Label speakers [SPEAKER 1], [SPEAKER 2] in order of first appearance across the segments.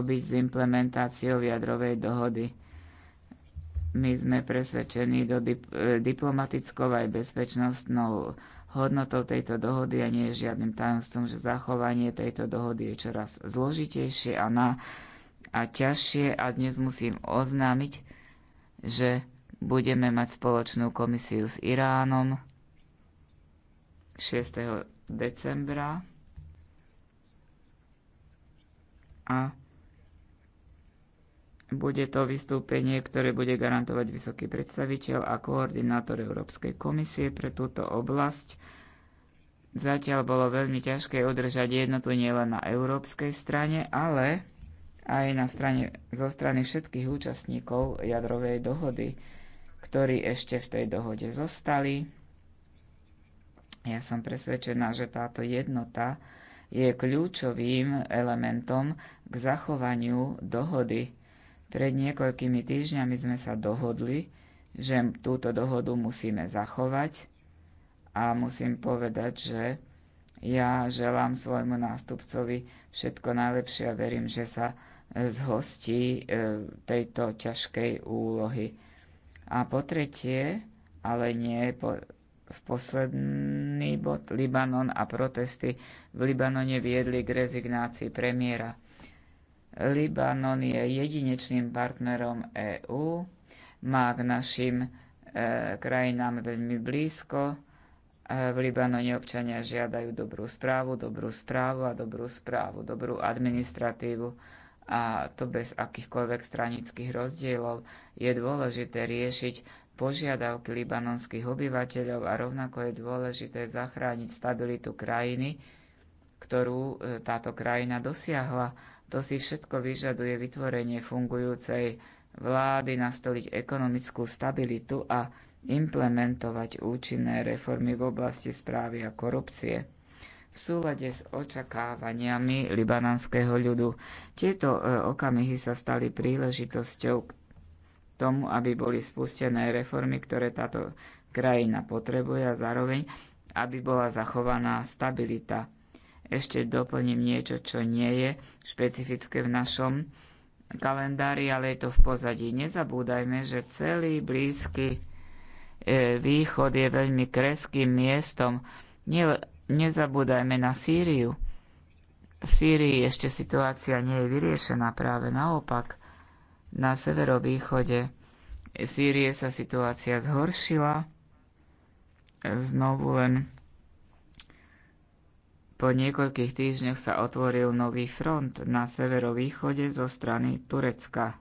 [SPEAKER 1] robiť s implementáciou jadrovej dohody. My sme presvedčení do dip- diplomatickou aj bezpečnostnou hodnotou tejto dohody a nie je žiadnym tajomstvom, že zachovanie tejto dohody je čoraz zložitejšie a, na, a ťažšie. A dnes musím oznámiť, že budeme mať spoločnú komisiu s Iránom 6. decembra a bude to vystúpenie, ktoré bude garantovať vysoký predstaviteľ a koordinátor Európskej komisie pre túto oblasť. Zatiaľ bolo veľmi ťažké udržať jednotu nielen na európskej strane, ale aj na strane, zo strany všetkých účastníkov jadrovej dohody, ktorí ešte v tej dohode zostali. Ja som presvedčená, že táto jednota je kľúčovým elementom k zachovaniu dohody pred niekoľkými týždňami sme sa dohodli, že túto dohodu musíme zachovať a musím povedať, že ja želám svojmu nástupcovi všetko najlepšie a verím, že sa e, zhostí e, tejto ťažkej úlohy. A po tretie, ale nie po, v posledný bod, Libanon a protesty v Libanone viedli k rezignácii premiéra. Libanon je jedinečným partnerom EÚ, má k našim e, krajinám veľmi blízko. E, v Libanone občania žiadajú dobrú správu, dobrú správu a dobrú správu, dobrú administratívu a to bez akýchkoľvek stranických rozdielov. Je dôležité riešiť požiadavky libanonských obyvateľov a rovnako je dôležité zachrániť stabilitu krajiny, ktorú e, táto krajina dosiahla to si všetko vyžaduje vytvorenie fungujúcej vlády, nastoliť ekonomickú stabilitu a implementovať účinné reformy v oblasti správy a korupcie. V súlade s očakávaniami libanonského ľudu tieto e, okamihy sa stali príležitosťou k tomu, aby boli spustené reformy, ktoré táto krajina potrebuje a zároveň, aby bola zachovaná stabilita ešte doplním niečo, čo nie je špecifické v našom kalendári, ale je to v pozadí. Nezabúdajme, že celý blízky e, východ je veľmi kreským miestom. nezabúdajme na Sýriu. V Sýrii ešte situácia nie je vyriešená, práve naopak. Na severovýchode Sýrie sa situácia zhoršila. Znovu len po niekoľkých týždňoch sa otvoril nový front na severovýchode zo strany Turecka.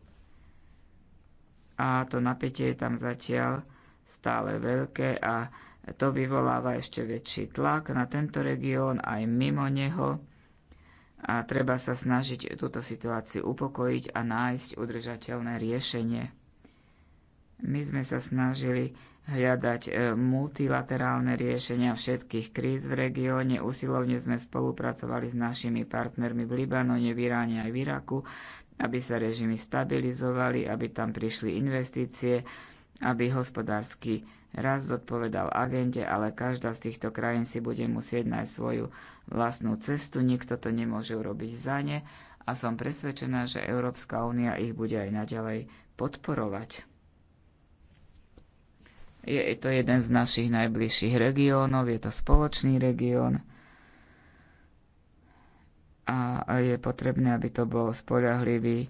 [SPEAKER 1] A to napätie je tam zatiaľ stále veľké a to vyvoláva ešte väčší tlak na tento región aj mimo neho a treba sa snažiť túto situáciu upokojiť a nájsť udržateľné riešenie. My sme sa snažili hľadať e, multilaterálne riešenia všetkých kríz v regióne. Usilovne sme spolupracovali s našimi partnermi v Libanone, v Iráne aj v Iraku, aby sa režimy stabilizovali, aby tam prišli investície, aby hospodársky raz zodpovedal agente, ale každá z týchto krajín si bude musieť nájsť svoju vlastnú cestu, nikto to nemôže urobiť za ne a som presvedčená, že Európska únia ich bude aj naďalej podporovať. Je to jeden z našich najbližších regiónov, je to spoločný región a je potrebné, aby to bol spoľahlivý e,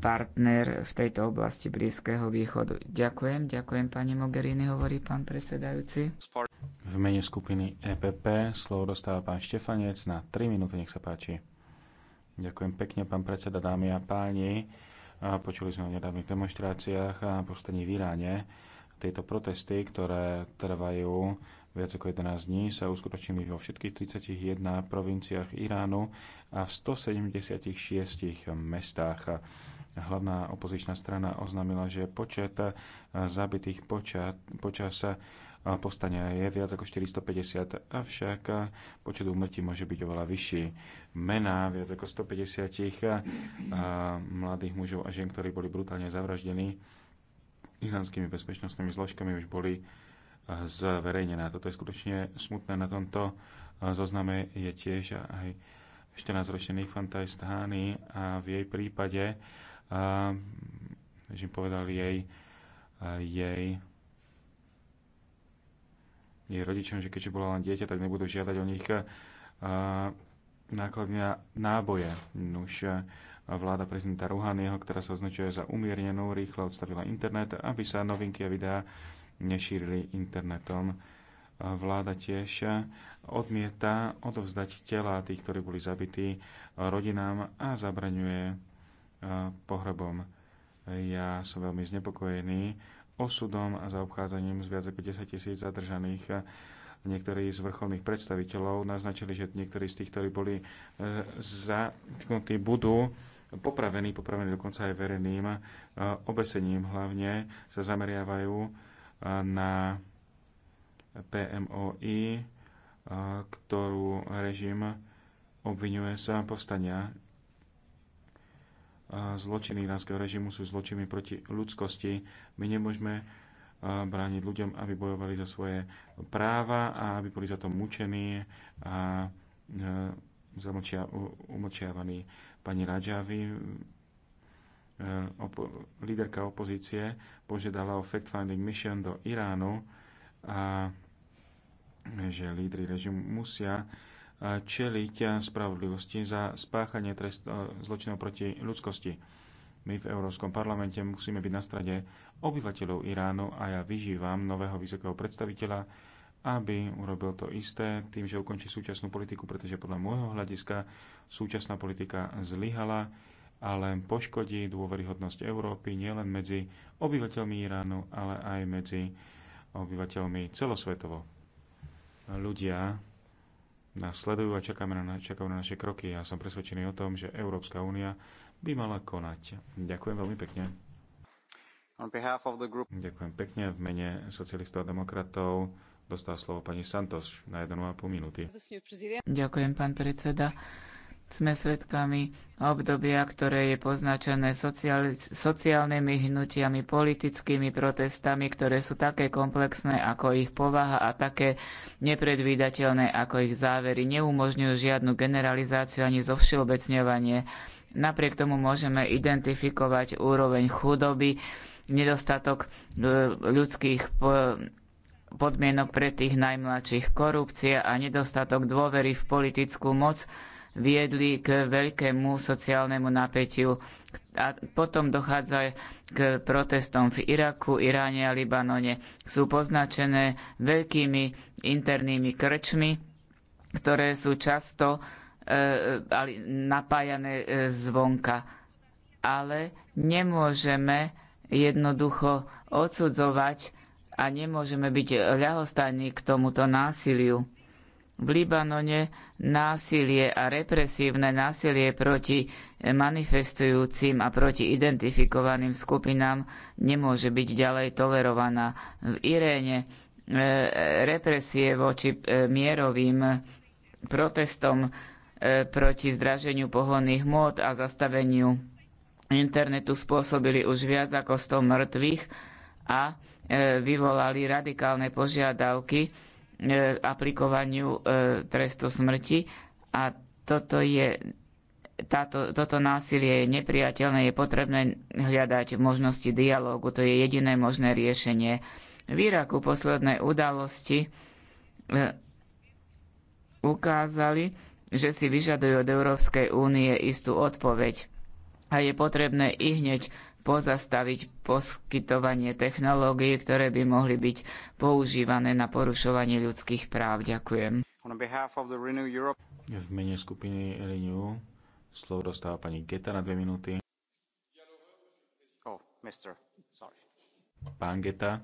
[SPEAKER 1] partner v tejto oblasti Blízkeho východu. Ďakujem, ďakujem pani Mogherini, hovorí pán predsedajúci.
[SPEAKER 2] V mene skupiny EPP slovo dostáva pán Štefanec na 3 minúty, nech sa páči. Ďakujem pekne, pán predseda, dámy a páni. Počuli sme o nedávnych demonstráciách a postaní v Iráne tieto protesty, ktoré trvajú viac ako 11 dní, sa uskutočnili vo všetkých 31 provinciách Iránu a v 176 mestách. Hlavná opozičná strana oznámila, že počet zabitých poča, počas povstania je viac ako 450, avšak počet úmrtí môže byť oveľa vyšší. Mená viac ako 150 mladých mužov a žien, ktorí boli brutálne zavraždení, iránskymi bezpečnostnými zložkami už boli eh, zverejnené. Toto je skutočne smutné. Na tomto eh, zozname je tiež aj 14-ročný Fantaj Stahány a v jej prípade, eh, že im povedal jej, jej, jej rodičom, že keďže bola len dieťa, tak nebudú žiadať o nich náklady na náboje. Nuž, vláda prezidenta Ruhanieho, ktorá sa označuje za umiernenú, rýchlo odstavila internet, aby sa novinky a videá nešírili internetom. Vláda tiež odmieta odovzdať tela tých, ktorí boli zabití rodinám a zabraňuje e, pohrebom. Ja som veľmi znepokojený osudom a zaobchádzaním z viac ako 10 tisíc zadržaných niektorí z vrcholných predstaviteľov naznačili, že niektorí z tých, ktorí boli e, zatknutí, budú popravení, popravený dokonca aj verejným e, obesením. Hlavne sa zameriavajú e, na PMOI, e, ktorú režim obvinuje sa povstania. Zločiny iránskeho režimu sú zločiny proti ľudskosti. My nemôžeme brániť ľuďom, aby bojovali za svoje práva a aby boli za to mučení a zamlčia, umlčiavaní. Pani Rajavi, e, opo- líderka opozície, požiadala o fact-finding mission do Iránu a že lídry režimu musia e, čeliť spravodlivosti za spáchanie trest, e, zločinov proti ľudskosti. My v Európskom parlamente musíme byť na strane obyvateľov Iránu a ja vyžívam nového vysokého predstaviteľa, aby urobil to isté tým, že ukončí súčasnú politiku, pretože podľa môjho hľadiska súčasná politika zlyhala a len poškodí dôveryhodnosť Európy nielen medzi obyvateľmi Iránu, ale aj medzi obyvateľmi celosvetovo. Ľudia nás sledujú a čakáme na, čakajú na naše kroky. Ja som presvedčený o tom, že Európska únia by mala konať. Ďakujem veľmi pekne. Ďakujem pekne v mene socialistov a demokratov dostala slovo pani Santos na 1,5 minúty.
[SPEAKER 1] Ďakujem, pán predseda. Sme svedkami obdobia, ktoré je poznačené sociál- sociálnymi hnutiami, politickými protestami, ktoré sú také komplexné ako ich povaha a také nepredvídateľné ako ich závery. Neumožňujú žiadnu generalizáciu ani zovšeobecňovanie. Napriek tomu môžeme identifikovať úroveň chudoby, nedostatok e, ľudských podmienok pre tých najmladších. Korupcia a nedostatok dôvery v politickú moc viedli k veľkému sociálnemu napätiu. A potom dochádza k protestom v Iraku, Iráne a Libanone. Sú poznačené veľkými internými krčmi, ktoré sú často e, napájané e, zvonka. Ale nemôžeme jednoducho odsudzovať a nemôžeme byť ľahostajní k tomuto násiliu. V Libanone násilie a represívne násilie proti manifestujúcim a proti identifikovaným skupinám nemôže byť ďalej tolerovaná. V Iréne e, represie voči e, mierovým protestom e, proti zdraženiu pohonných môd a zastaveniu internetu spôsobili už viac ako 100 mŕtvych a E, vyvolali radikálne požiadavky e, aplikovaniu e, trestu smrti a toto je táto, toto násilie je nepriateľné, je potrebné hľadať možnosti dialógu, to je jediné možné riešenie. V Iraku posledné udalosti ukázali, že si vyžadujú od Európskej únie istú odpoveď a je potrebné i hneď pozastaviť poskytovanie technológií, ktoré by mohli byť používané na porušovanie ľudských práv. Ďakujem.
[SPEAKER 2] V mene skupiny Renew slovo dostáva pani Geta na dve minúty. Oh, mister. Sorry. Pán Geta.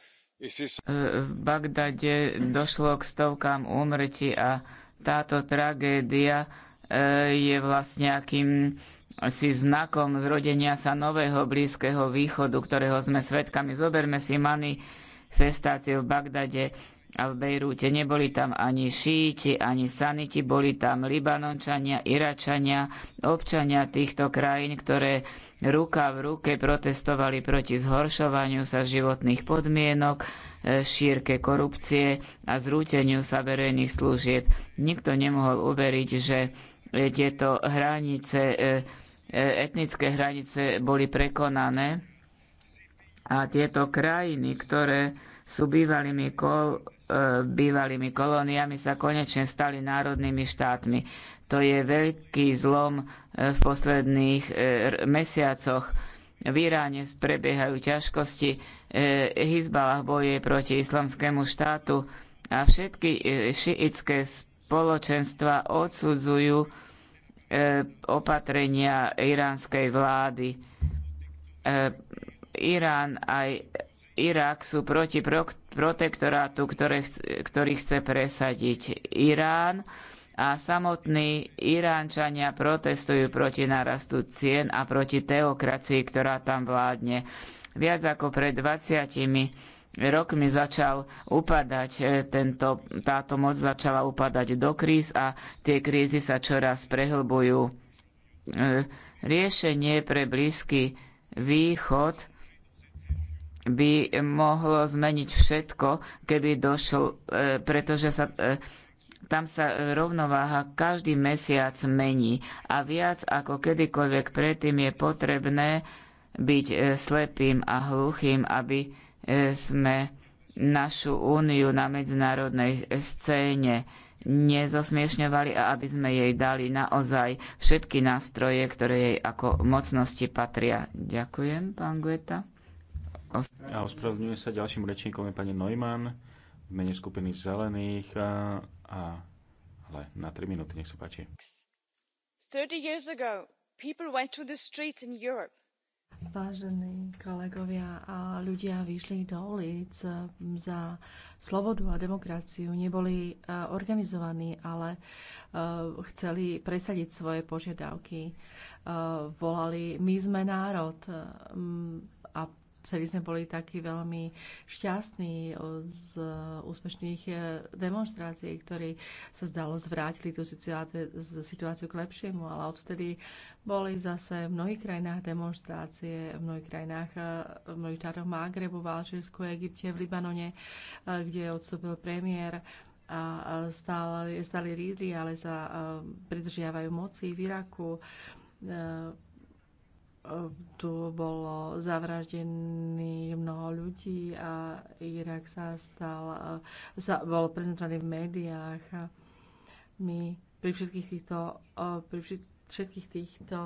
[SPEAKER 2] E,
[SPEAKER 1] v Bagdade došlo k stovkám úmrtí a táto tragédia je vlastne akým si znakom zrodenia sa nového Blízkeho východu, ktorého sme svetkami. Zoberme si manifestácie v Bagdade a v Bejrúte. Neboli tam ani šíti, ani saniti, boli tam Libanončania, Iračania, občania týchto krajín, ktoré ruka v ruke protestovali proti zhoršovaniu sa životných podmienok, e, šírke korupcie a zrúteniu sa verejných služieb. Nikto nemohol uveriť, že tieto hranice, e, e, etnické hranice boli prekonané a tieto krajiny, ktoré sú bývalými, kol, e, bývalými kolóniami, sa konečne stali národnými štátmi. To je veľký zlom v posledných mesiacoch. V Iráne prebiehajú ťažkosti, Hizbalah boje proti islamskému štátu a všetky šiitské spoločenstva odsudzujú e, opatrenia iránskej vlády. E, Irán aj Irak sú proti protektorátu, ktoré, ktorý chce presadiť Irán a samotní Iránčania protestujú proti narastu cien a proti teokracii, ktorá tam vládne. Viac ako pred 20 rokmi začal upadať, e, tento, táto moc začala upadať do kríz a tie krízy sa čoraz prehlbujú. E, riešenie pre Blízky východ by mohlo zmeniť všetko, keby došlo, e, pretože sa tam sa rovnováha každý mesiac mení a viac ako kedykoľvek predtým je potrebné byť slepým a hluchým, aby E, sme našu úniu na medzinárodnej scéne nezosmiešňovali a aby sme jej dali naozaj všetky nástroje, ktoré jej ako mocnosti patria. Ďakujem, pán Gueta.
[SPEAKER 2] A ospravedlňujem sa ďalším rečníkom je pani Neumann v mene skupiny Zelených a, a ale na 3 minúty, nech sa páči.
[SPEAKER 3] 30 years ago, people went to the streets in Europe
[SPEAKER 4] Vážení kolegovia a ľudia vyšli do ulic eh, za slobodu a demokraciu. Neboli eh, organizovaní, ale eh, chceli presadiť svoje požiadavky. Volali, my sme národ mm, a vtedy sme boli takí veľmi šťastní z e, úspešných e, demonstrácií, ktorí sa zdalo zvrátili tú situáciu k lepšiemu, ale odtedy boli zase v mnohých krajinách demonstrácie, v mnohých krajinách, e, v mnohých štátoch Magrebu, v Alžírsku, Egypte, v Libanone, kde odstúpil premiér a stále, stáli lídry, ale sa pridržiavajú moci v Iraku tu bolo zavraždený mnoho ľudí a Irak sa stal, sa bol prezentovaný v médiách a my pri všetkých týchto, pri všetkých týchto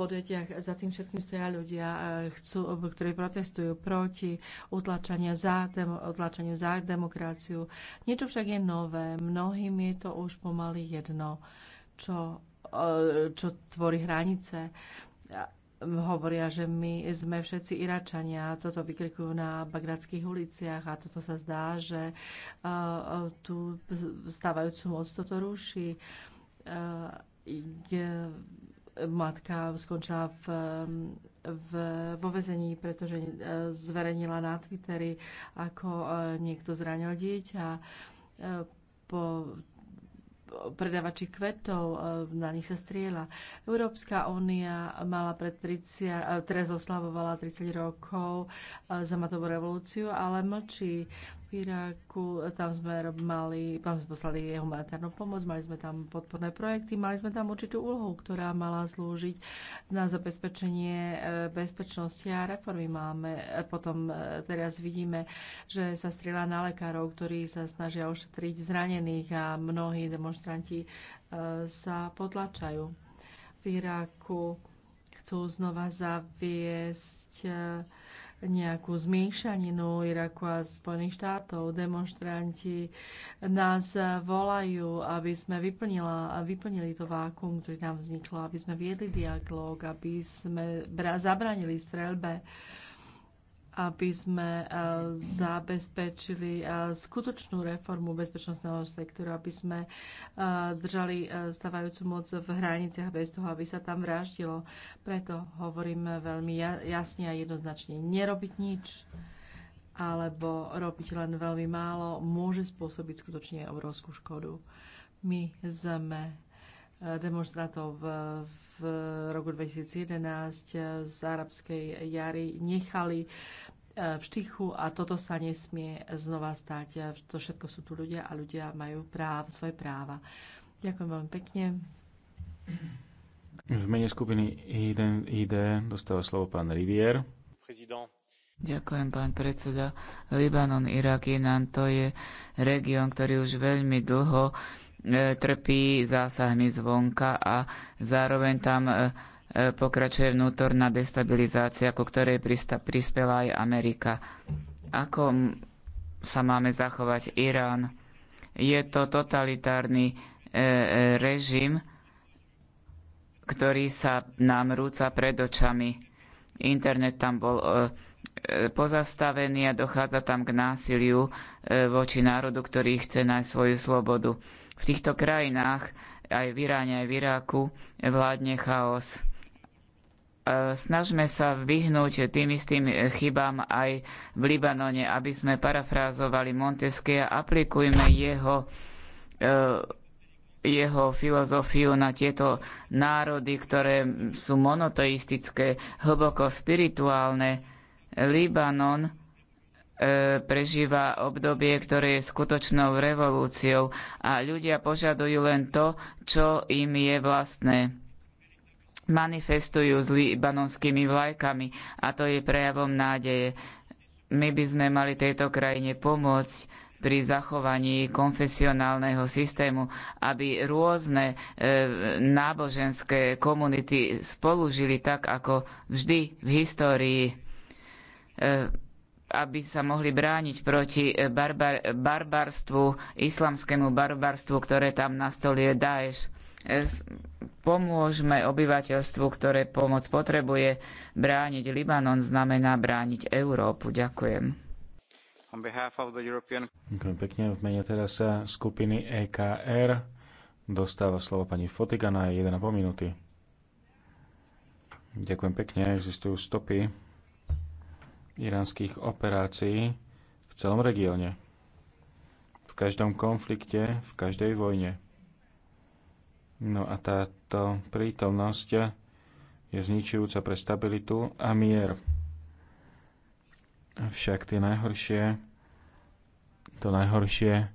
[SPEAKER 4] podujatiach za tým všetkým stoja ľudia, e, chcú, ktorí protestujú proti utlačaniu za, utlačaniu za demokraciu. Niečo však je nové, mnohým je to už pomaly jedno, čo, čo tvorí hranice hovoria, že my sme všetci Iračania. Toto vykrikujú na bagradských uliciach a toto sa zdá, že e, e, tú stávajúcu moc toto ruší e, matka skončila v, v, vo vezení, pretože zverejnila na Twittery, ako niekto zranil dieťa. Po predávači kvetov, e, na nich sa strieľa. Európska únia mala pred 30, e, teraz oslavovala 30 rokov e, za matovú revolúciu, ale mlčí v Iraku, tam sme mali, tam sme poslali humanitárnu pomoc, mali sme tam podporné projekty, mali sme tam určitú úlohu, ktorá mala slúžiť na zabezpečenie e, bezpečnosti a reformy máme. E, potom e, teraz vidíme, že sa strieľa na lekárov, ktorí sa snažia ošetriť zranených a mnohí demonstranti sa potlačajú. V Iraku chcú znova zaviesť nejakú zmiešaninu Iraku a Spojených štátov. Demonstranti nás volajú, aby sme vyplnila, vyplnili to vákum, ktorý tam vzniklo, aby sme viedli dialog, aby sme zabránili streľbe aby sme e, zabezpečili e, skutočnú reformu bezpečnostného sektora, aby sme e, držali stávajúcu moc v hraniciach bez toho, aby sa tam vraždilo. Preto hovorím veľmi jasne a jednoznačne, nerobiť nič alebo robiť len veľmi málo môže spôsobiť skutočne obrovskú škodu. My sme demonstrátov v v roku 2011 z arabskej jary nechali e, v štychu a toto sa nesmie znova stať. E, to všetko sú tu ľudia a ľudia majú práv, svoje práva. Ďakujem veľmi pekne.
[SPEAKER 2] V mene skupiny ID, ID dostáva slovo pán Rivier. Prezident.
[SPEAKER 1] Ďakujem, pán predseda. Libanon, Irak, Inan, to je región, ktorý už veľmi dlho E, trpí zásahmi zvonka a zároveň tam e, e, pokračuje vnútorná destabilizácia, ku ktorej prispela aj Amerika. Ako sa máme zachovať Irán? Je to totalitárny režim, ktorý sa nám rúca pred očami. Internet tam bol pozastavený a dochádza tam k násiliu voči národu, ktorý chce nájsť svoju slobodu. V týchto krajinách, aj v Iráne, aj v Iráku, vládne chaos e, snažme sa vyhnúť tým istým chybám aj v Libanone, aby sme parafrázovali Montesquieu a aplikujme jeho, e, jeho filozofiu na tieto národy, ktoré sú monoteistické, hlboko spirituálne. Libanon E, prežíva obdobie, ktoré je skutočnou revolúciou a ľudia požadujú len to, čo im je vlastné. Manifestujú s libanonskými vlajkami a to je prejavom nádeje. My by sme mali tejto krajine pomôcť pri zachovaní konfesionálneho systému, aby rôzne e, náboženské komunity spolužili tak, ako vždy v histórii. E, aby sa mohli brániť proti eh, barbar, barbarstvu, islamskému barbarstvu, ktoré tam na nastolie Daesh. Eh, pomôžme obyvateľstvu, ktoré pomoc potrebuje. Brániť Libanon znamená brániť Európu. Ďakujem.
[SPEAKER 2] European... Ďakujem pekne. V mene teraz sa skupiny EKR dostáva slovo pani Fotiga na 1,5 minúty. Ďakujem pekne. Existujú stopy iránskych operácií v celom regióne. V každom konflikte, v každej vojne. No a táto prítomnosť je zničujúca pre stabilitu a mier. Však tie najhoršie, to najhoršie eh,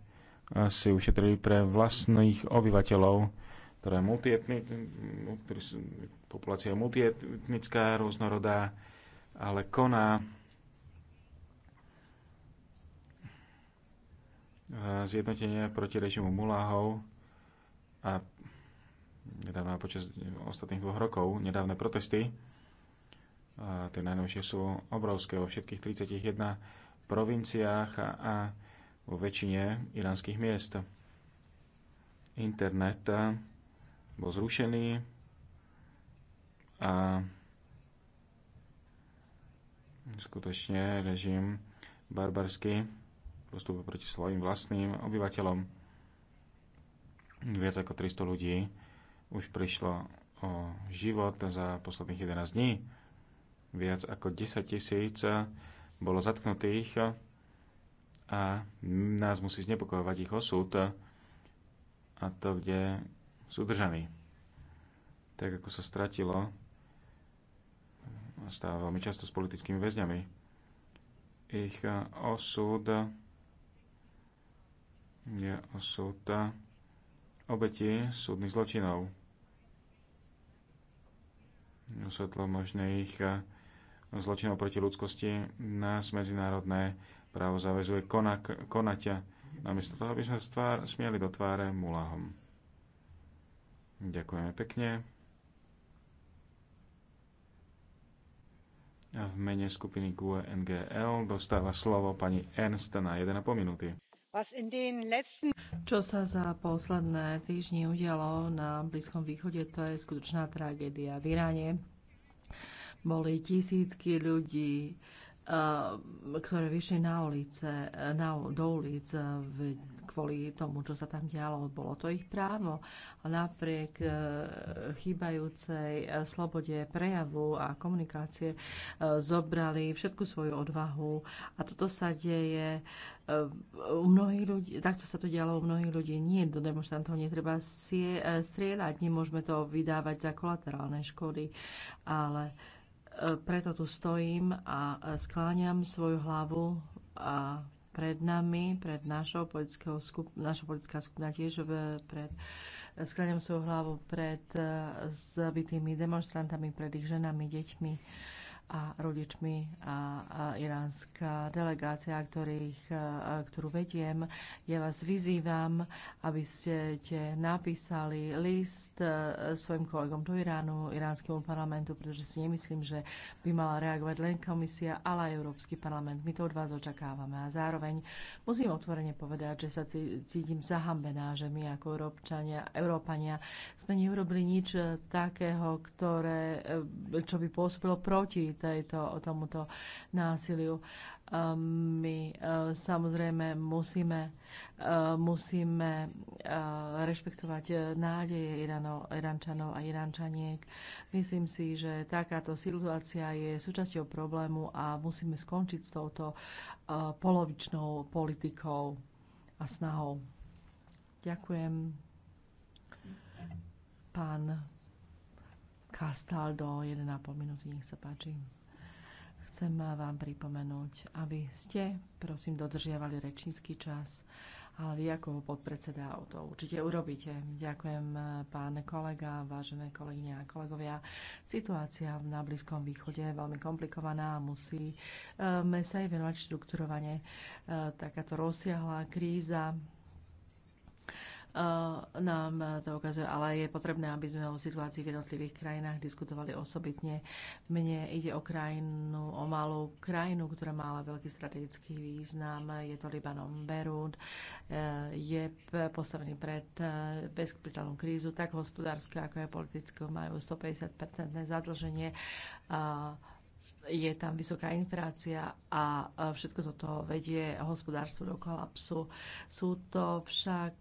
[SPEAKER 2] si ušetrili pre vlastných obyvateľov, ktoré multietni, populácia je multietnická, rôznorodá, ale koná zjednotenie proti režimu Muláhov a nedávna počas ostatných dvoch rokov nedávne protesty. A tie najnovšie sú obrovské vo všetkých 31 provinciách a, a vo väčšine iránskych miest. Internet bol zrušený a skutočne režim barbarský postupu proti svojim vlastným obyvateľom. Viac ako 300 ľudí už prišlo o život za posledných 11 dní. Viac ako 10 tisíc bolo zatknutých a nás musí znepokojovať ich osud a to, kde sú držaní. Tak ako sa stratilo stáva veľmi často s politickými väzňami. Ich osud sú eh, tá súdnych zločinov. Svetlo možných eh, zločinov proti ľudskosti nás medzinárodné právo zavezuje konak, konať eh, namiesto toho, aby sme stvár, smieli do tváre mulahom. Ďakujeme pekne. A v mene skupiny QNGL e dostáva slovo pani Ernst na 1,5 minúty.
[SPEAKER 4] Čo sa za posledné týždne udialo na Blízkom východe, to je skutočná tragédia. V Iráne boli tisícky ľudí, eh, ktoré vyšli na ulice, na, do ulic eh, v kvôli tomu, čo sa tam dialo. Bolo to ich právo. Napriek e, chýbajúcej e, slobode prejavu a komunikácie e, zobrali všetku svoju odvahu a toto sa deje u mnohých ľudí, takto sa to dialo u mnohých ľudí. Nie, do demonstrantov netreba strieľať, nemôžeme to vydávať za kolaterálne škody, ale preto tu stojím a skláňam svoju hlavu a pred nami, pred našou, politickou skup- naša politická skupina tiež pred skláňam svojou hlavou pred eh, zabitými demonstrantami, pred ich ženami, deťmi a rodičmi a, a iránska delegácia, ktorých, a, e, ktorú vediem. Ja vás vyzývam, aby ste te napísali list a, e, svojim kolegom do Iránu, iránskemu parlamentu, pretože si nemyslím, že by mala reagovať len komisia, ale aj Európsky parlament. My to od vás očakávame. A zároveň musím otvorene povedať, že sa cítim zahambená, že my ako Európčania, Európania sme neurobili nič e, takého, ktoré, čo by pôsobilo proti tejto, tomuto násiliu. Ehm, my eh, samozrejme musíme, eh, musíme eh, rešpektovať nádeje Irano, Irančanov a Irančaniek. Myslím si, že takáto situácia je súčasťou problému a musíme skončiť s touto polovičnou politikou a snahou. Ďakujem. Pán Castaldo, 1,5 minúty, nech sa páči. Chcem vám pripomenúť, aby ste, prosím, dodržiavali rečnícky čas, ale vy ako podpredseda to určite urobíte. Ďakujem, pán kolega, vážené kolegyne a kolegovia. Situácia na Blízkom východe je veľmi komplikovaná a musíme eh, sa aj venovať štrukturovanie. Eh, takáto rozsiahla kríza Eh, nám to ukazuje, ale je potrebné, aby sme o situácii v jednotlivých krajinách diskutovali osobitne. Mne ide o krajinu, o malú krajinu, ktorá má ale veľký strategický význam. Je to Libanon Berún. Eh, je postavený pred eh, bezkapitálnu krízu, tak hospodárske, ako aj politické. Majú 150-percentné zadlženie je tam vysoká inflácia a všetko toto vedie hospodárstvo do kolapsu. Sú to však,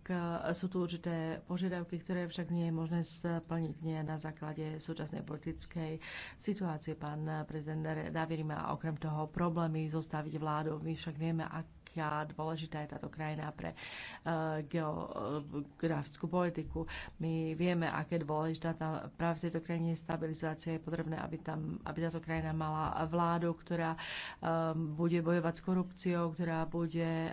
[SPEAKER 4] sú tu určité požiadavky, ktoré však nie je možné splniť nie na základe súčasnej politickej situácie. Pán prezident Davir má okrem toho problémy zostaviť vládu. My však vieme, ak aká dôležitá je táto krajina pre uh, geografickú politiku. My vieme, aké dôležitá tam práve v tejto krajine je stabilizácia. Je potrebné, aby, tam, aby táto krajina mala a vládu, ktorá um, bude bojovať s korupciou, ktorá bude uh,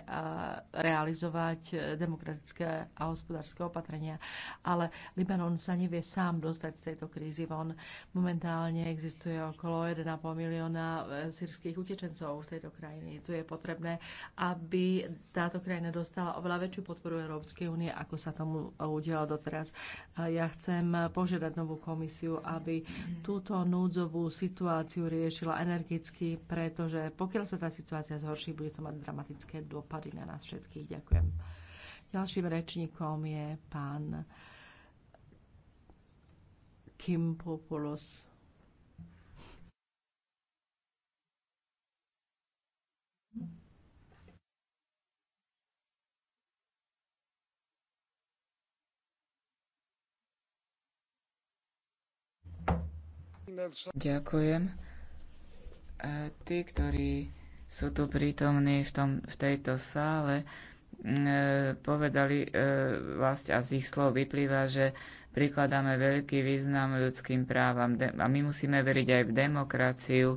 [SPEAKER 4] realizovať demokratické a hospodárske opatrenia. Ale Libanon sa nevie sám dostať z tejto krízy von. Momentálne existuje okolo 1,5 milióna uh, sírskych utečencov v tejto krajine. Tu je potrebné, aby táto krajina dostala oveľa väčšiu podporu Európskej únie, ako sa tomu uh, udialo doteraz. Ja chcem požiadať novú komisiu, aby mhm. túto núdzovú situáciu riešila vyjadrila energicky, pretože pokiaľ sa tá situácia zhorší, bude to mať dramatické dopady na nás všetkých. Ďakujem. Ďalším rečníkom je pán Kim Populus.
[SPEAKER 5] Ďakujem.
[SPEAKER 1] E, tí, ktorí sú tu prítomní v, tom, v tejto sále, e, povedali e, vlastne a z ich slov vyplýva, že prikladáme veľký význam ľudským právam a my musíme veriť aj v demokraciu,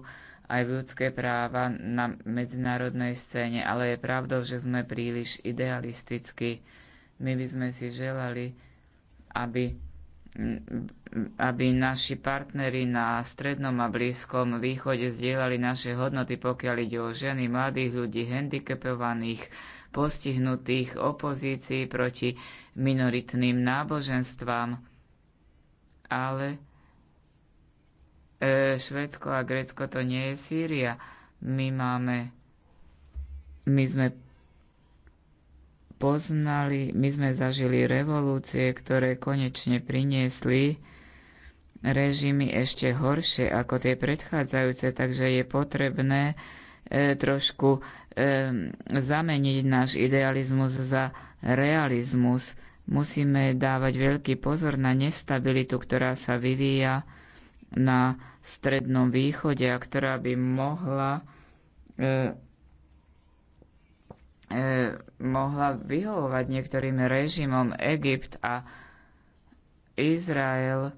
[SPEAKER 1] aj v ľudské práva na medzinárodnej scéne, ale je pravdou, že sme príliš idealistickí. My by sme si želali, aby aby naši partneri na strednom a blízkom východe zdieľali naše hodnoty, pokiaľ ide o ženy, mladých ľudí, handicapovaných, postihnutých, opozícií proti minoritným náboženstvám. Ale e, Švedsko a Grécko to nie je Sýria. My máme, my sme poznali, my sme zažili revolúcie, ktoré konečne priniesli režimy ešte horšie ako tie predchádzajúce, takže je potrebné e, trošku e, zameniť náš idealizmus za realizmus. Musíme dávať veľký pozor na nestabilitu, ktorá sa vyvíja na Strednom východe a ktorá by mohla e, e, mohla vyhovovať niektorým režimom. Egypt a Izrael e,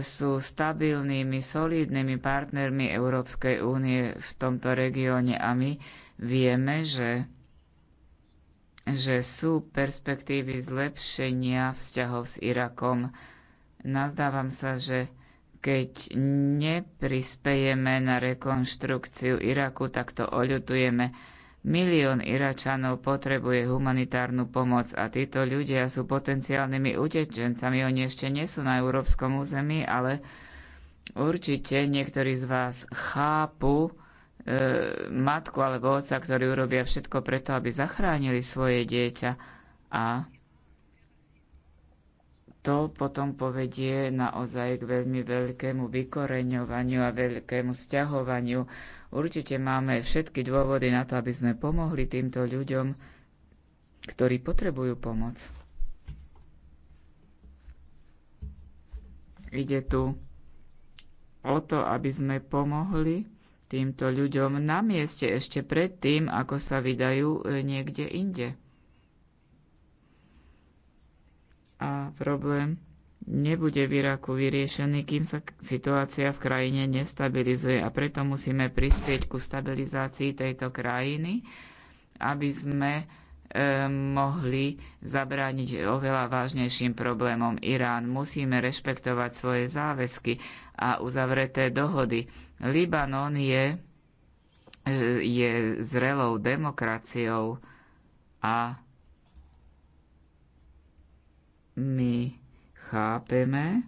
[SPEAKER 1] sú stabilnými, solidnými partnermi Európskej únie v tomto regióne a my vieme, že, že sú perspektívy zlepšenia vzťahov s Irakom. Nazdávam sa, že keď neprispejeme na rekonštrukciu Iraku, tak to oľutujeme. Milión Iračanov potrebuje humanitárnu pomoc a títo ľudia sú potenciálnymi utečencami. Oni ešte nie sú na európskom území, ale určite niektorí z vás chápu e, matku alebo otca, ktorí urobia všetko preto, aby zachránili svoje dieťa a to potom povedie naozaj k veľmi veľkému vykoreňovaniu a veľkému sťahovaniu. Určite máme všetky dôvody na to, aby sme pomohli týmto ľuďom, ktorí potrebujú pomoc. Ide tu o to, aby sme pomohli týmto ľuďom na mieste ešte predtým, ako sa vydajú niekde inde. a problém nebude v Iraku vyriešený, kým sa situácia v krajine nestabilizuje a preto musíme prispieť ku stabilizácii tejto krajiny, aby sme e, mohli zabrániť oveľa vážnejším problémom. Irán musíme rešpektovať svoje záväzky a uzavreté dohody. Libanon je, e, je zrelou demokraciou a my chápeme,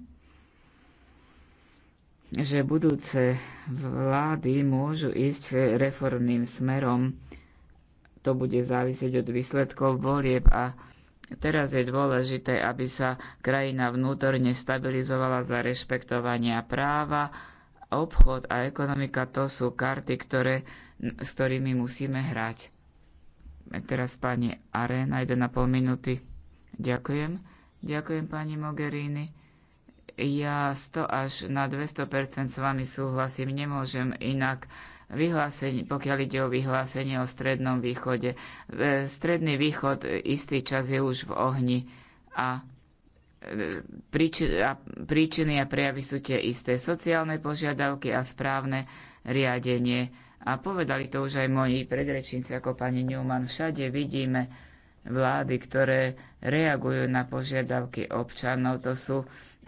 [SPEAKER 1] že budúce vlády môžu ísť reformným smerom. To bude závisieť od výsledkov volieb a teraz je dôležité, aby sa krajina vnútorne stabilizovala za rešpektovania práva. Obchod a ekonomika to sú karty, ktoré, s ktorými musíme hrať. Teraz pani Arena, 1,5 minúty. Ďakujem. Ďakujem pani Mogherini. Ja 100 až na 200% s vami súhlasím, nemôžem inak vyhlásenie, pokiaľ ide o vyhlásenie o Strednom východe. E, Stredný východ istý čas je už v ohni e, a príčiny a prejavy sú tie isté. Sociálne požiadavky a správne riadenie. A povedali to už aj moji predrečníci ako pani Newman. Všade vidíme vlády, ktoré reagujú na požiadavky občanov. To sú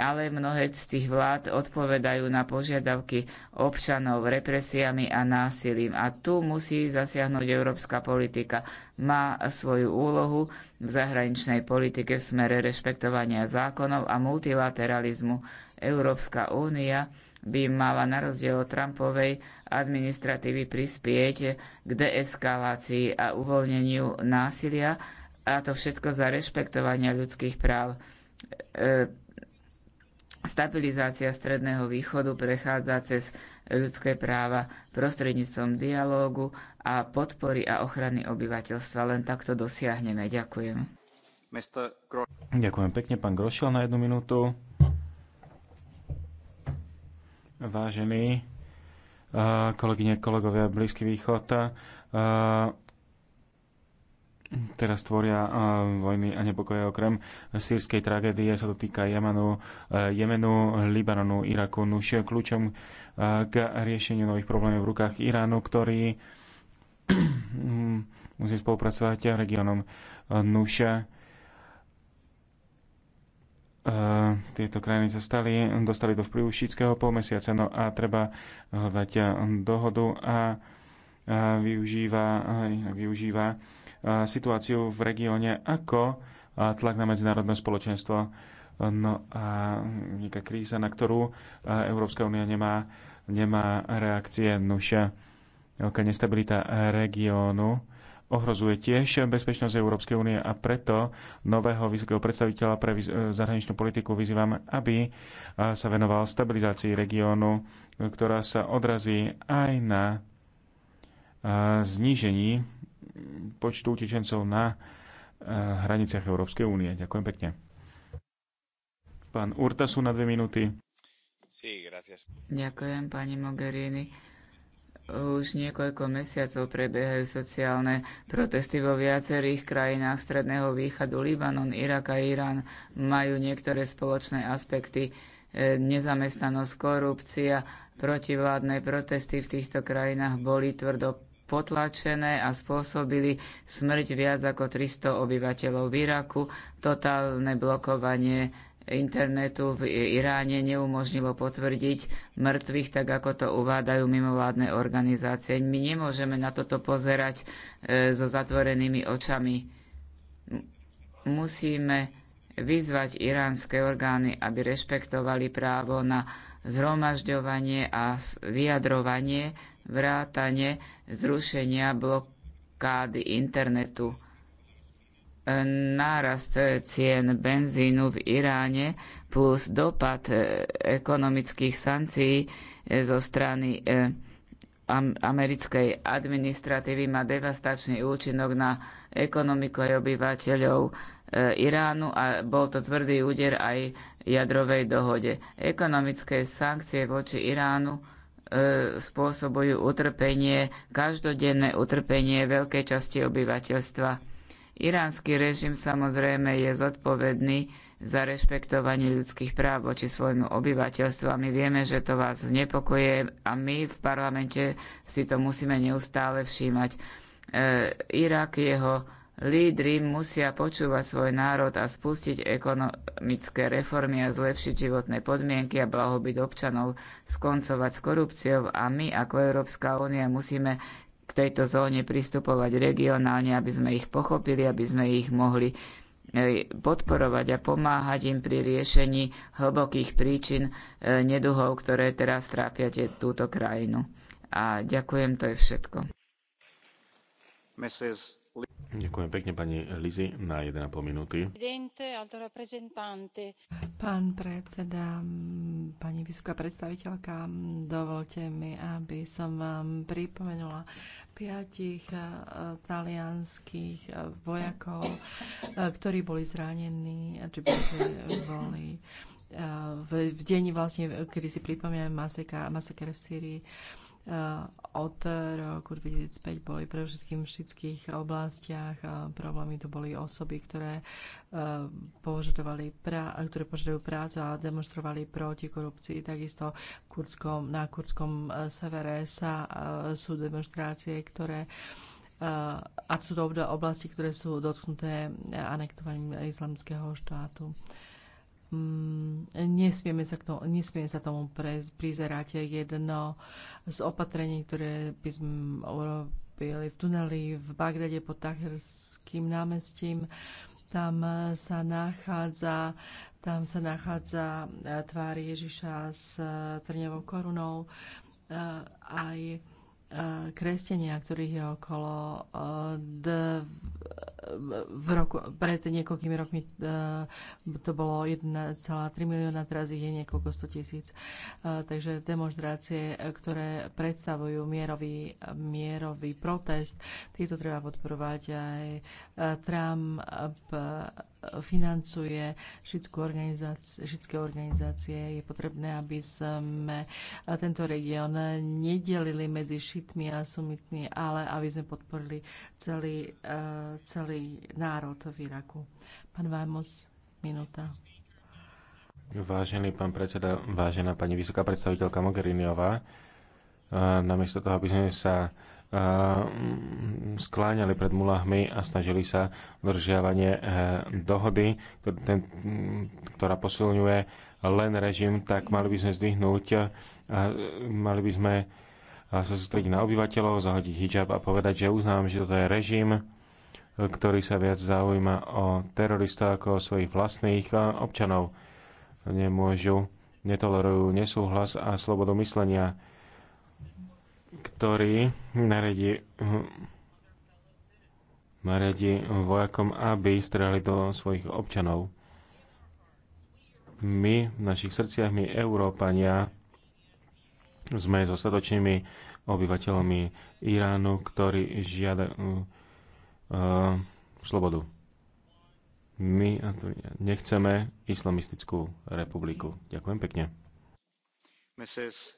[SPEAKER 1] ale mnohé z tých vlád odpovedajú na požiadavky občanov represiami a násilím. A tu musí zasiahnuť európska politika. Má svoju úlohu v zahraničnej politike v smere rešpektovania zákonov a multilateralizmu. Európska únia by mala na rozdiel od Trumpovej administratívy prispieť k deeskalácii a uvoľneniu násilia a to všetko za rešpektovania ľudských práv. E, stabilizácia Stredného východu prechádza cez ľudské práva prostredníctvom dialógu a podpory a ochrany obyvateľstva. Len takto dosiahneme. Ďakujem.
[SPEAKER 2] Ďakujem pekne, pán Grošil, na jednu minútu. Vážení e, kolegyne, kolegovia, Blízky východ. E, teraz tvoria eh, vojny a nepokoje. Okrem sírskej tragédie sa to týka Jemenu, eh, Jemenu Libanonu, Iraku. Nuž eh, kľúčom k riešeniu nových problémov v rukách Iránu, ktorý musí spolupracovať s regiónom Nuša. Tieto krajiny sa stali, dostali do vplyvu šítskeho polmesiaca, no a treba hľadať dohodu a využíva, využíva situáciu v regióne ako tlak na medzinárodné spoločenstvo. No a nejaká kríza, na ktorú Európska únia nemá, nemá reakcie. Nuša, veľká nestabilita regiónu ohrozuje tiež bezpečnosť Európskej únie a preto nového vysokého predstaviteľa pre e, zahraničnú politiku vyzývam, aby sa venoval stabilizácii regiónu, ktorá sa odrazí aj na znížení počtu utečencov na eh, hraniciach Európskej únie. Ďakujem pekne. Pán sú na dve minúty.
[SPEAKER 1] Ďakujem, pani Mogherini. Už niekoľko mesiacov prebiehajú sociálne protesty vo viacerých krajinách Stredného východu. Libanon, Irak a Irán majú niektoré spoločné aspekty. Eh, nezamestnanosť, korupcia, protivládne protesty v týchto krajinách boli tvrdo potlačené a spôsobili smrť viac ako 300 obyvateľov v Iraku. Totálne blokovanie internetu v Iráne neumožnilo potvrdiť mŕtvych, tak ako to uvádajú mimovládne organizácie. My nemôžeme na toto pozerať e, so zatvorenými očami. Musíme vyzvať iránske orgány, aby rešpektovali právo na zhromažďovanie a vyjadrovanie vrátane zrušenia blokády internetu. Nárast cien benzínu v Iráne plus dopad e, ekonomických sankcií e, zo strany e, americkej administratívy má devastačný účinok na ekonomiku aj obyvateľov Iránu a bol to tvrdý úder aj jadrovej dohode. Ekonomické sankcie voči Iránu E, spôsobujú utrpenie, každodenné utrpenie veľkej časti obyvateľstva. Iránsky režim samozrejme je zodpovedný za rešpektovanie ľudských práv voči svojmu obyvateľstvu a my vieme, že to vás znepokoje a my v parlamente si to musíme neustále všímať. E, Irak, jeho Lídry musia počúvať svoj národ a spustiť ekonomické reformy a zlepšiť životné podmienky a blahobyt občanov, skoncovať s korupciou a my ako Európska únia musíme k tejto zóne pristupovať regionálne, aby sme ich pochopili, aby sme ich mohli e, podporovať a pomáhať im pri riešení hlbokých príčin e, neduhov, ktoré teraz trápia túto krajinu. A ďakujem, to je všetko.
[SPEAKER 2] Mrs. Ďakujem pekne pani Lizy na 1,5 minúty.
[SPEAKER 4] Pán predseda, pani vysoká predstaviteľka, dovolte mi, aby som vám pripomenula piatich eh, talianských eh, vojakov, eh, ktorí boli zranení, či boli v, v deň vlastne, kedy si pripomíname Masakre v Syrii. Eh, od roku 2005 boli pre všetkým v všetkých oblastiach. Eh, problémy to boli osoby, ktoré, eh, požadovali pra, ktoré požadujú prácu a demonstrovali proti korupcii. Takisto kurdskom, na kurdskom severe sa sú demonstrácie, ktoré a sú to oblasti, ktoré sú dotknuté anektovaním islamského štátu. Mm, nesmieme sa, k tomu, nesmieme sa tomu prizerať. Jedno z opatrení, ktoré by sme urobili v tuneli v Bagdade pod Tahrským námestím, tam sa nachádza tam sa nachádza e, tvár Ježiša s e, trňovou korunou. E, aj Eh, kresťania, ktorých je okolo eh, d, v roku, pred niekoľkými rokmi eh, to bolo 1,3 milióna, teraz ich je niekoľko 100 tisíc. Takže demonstrácie, ktoré predstavujú mierový, mierový protest, tieto treba podporovať aj Trump financuje šitské organizácie, organizácie. Je potrebné, aby sme tento región nedelili medzi šitmi a sumitmi, ale aby sme podporili celý, e, celý národ v Iraku. Pán Vámos, minúta.
[SPEAKER 2] Vážený pán predseda, vážená pani vysoká predstaviteľka Mogheriniová, e, namiesto toho, aby sme sa Mm, skláňali pred mulahmi a snažili sa držiavanie e, dohody, mm, ktorá posilňuje len režim, tak mali by sme zdvihnúť, e, mali by sme sa sústrediť na obyvateľov, zahodiť hijab a povedať, že uznám, že toto je režim, ktorý sa viac zaujíma o teroristov ako o svojich vlastných e, občanov. Nemôžu, netolerujú nesúhlas a slobodu myslenia ktorý naredí, hm, naredí vojakom, aby strelali do svojich občanov. My v našich srdciach, my Európania, sme s ostatočnými obyvateľmi Iránu, ktorí žiada uh, uh, slobodu. My nechceme islamistickú republiku. Ďakujem pekne. Mrs.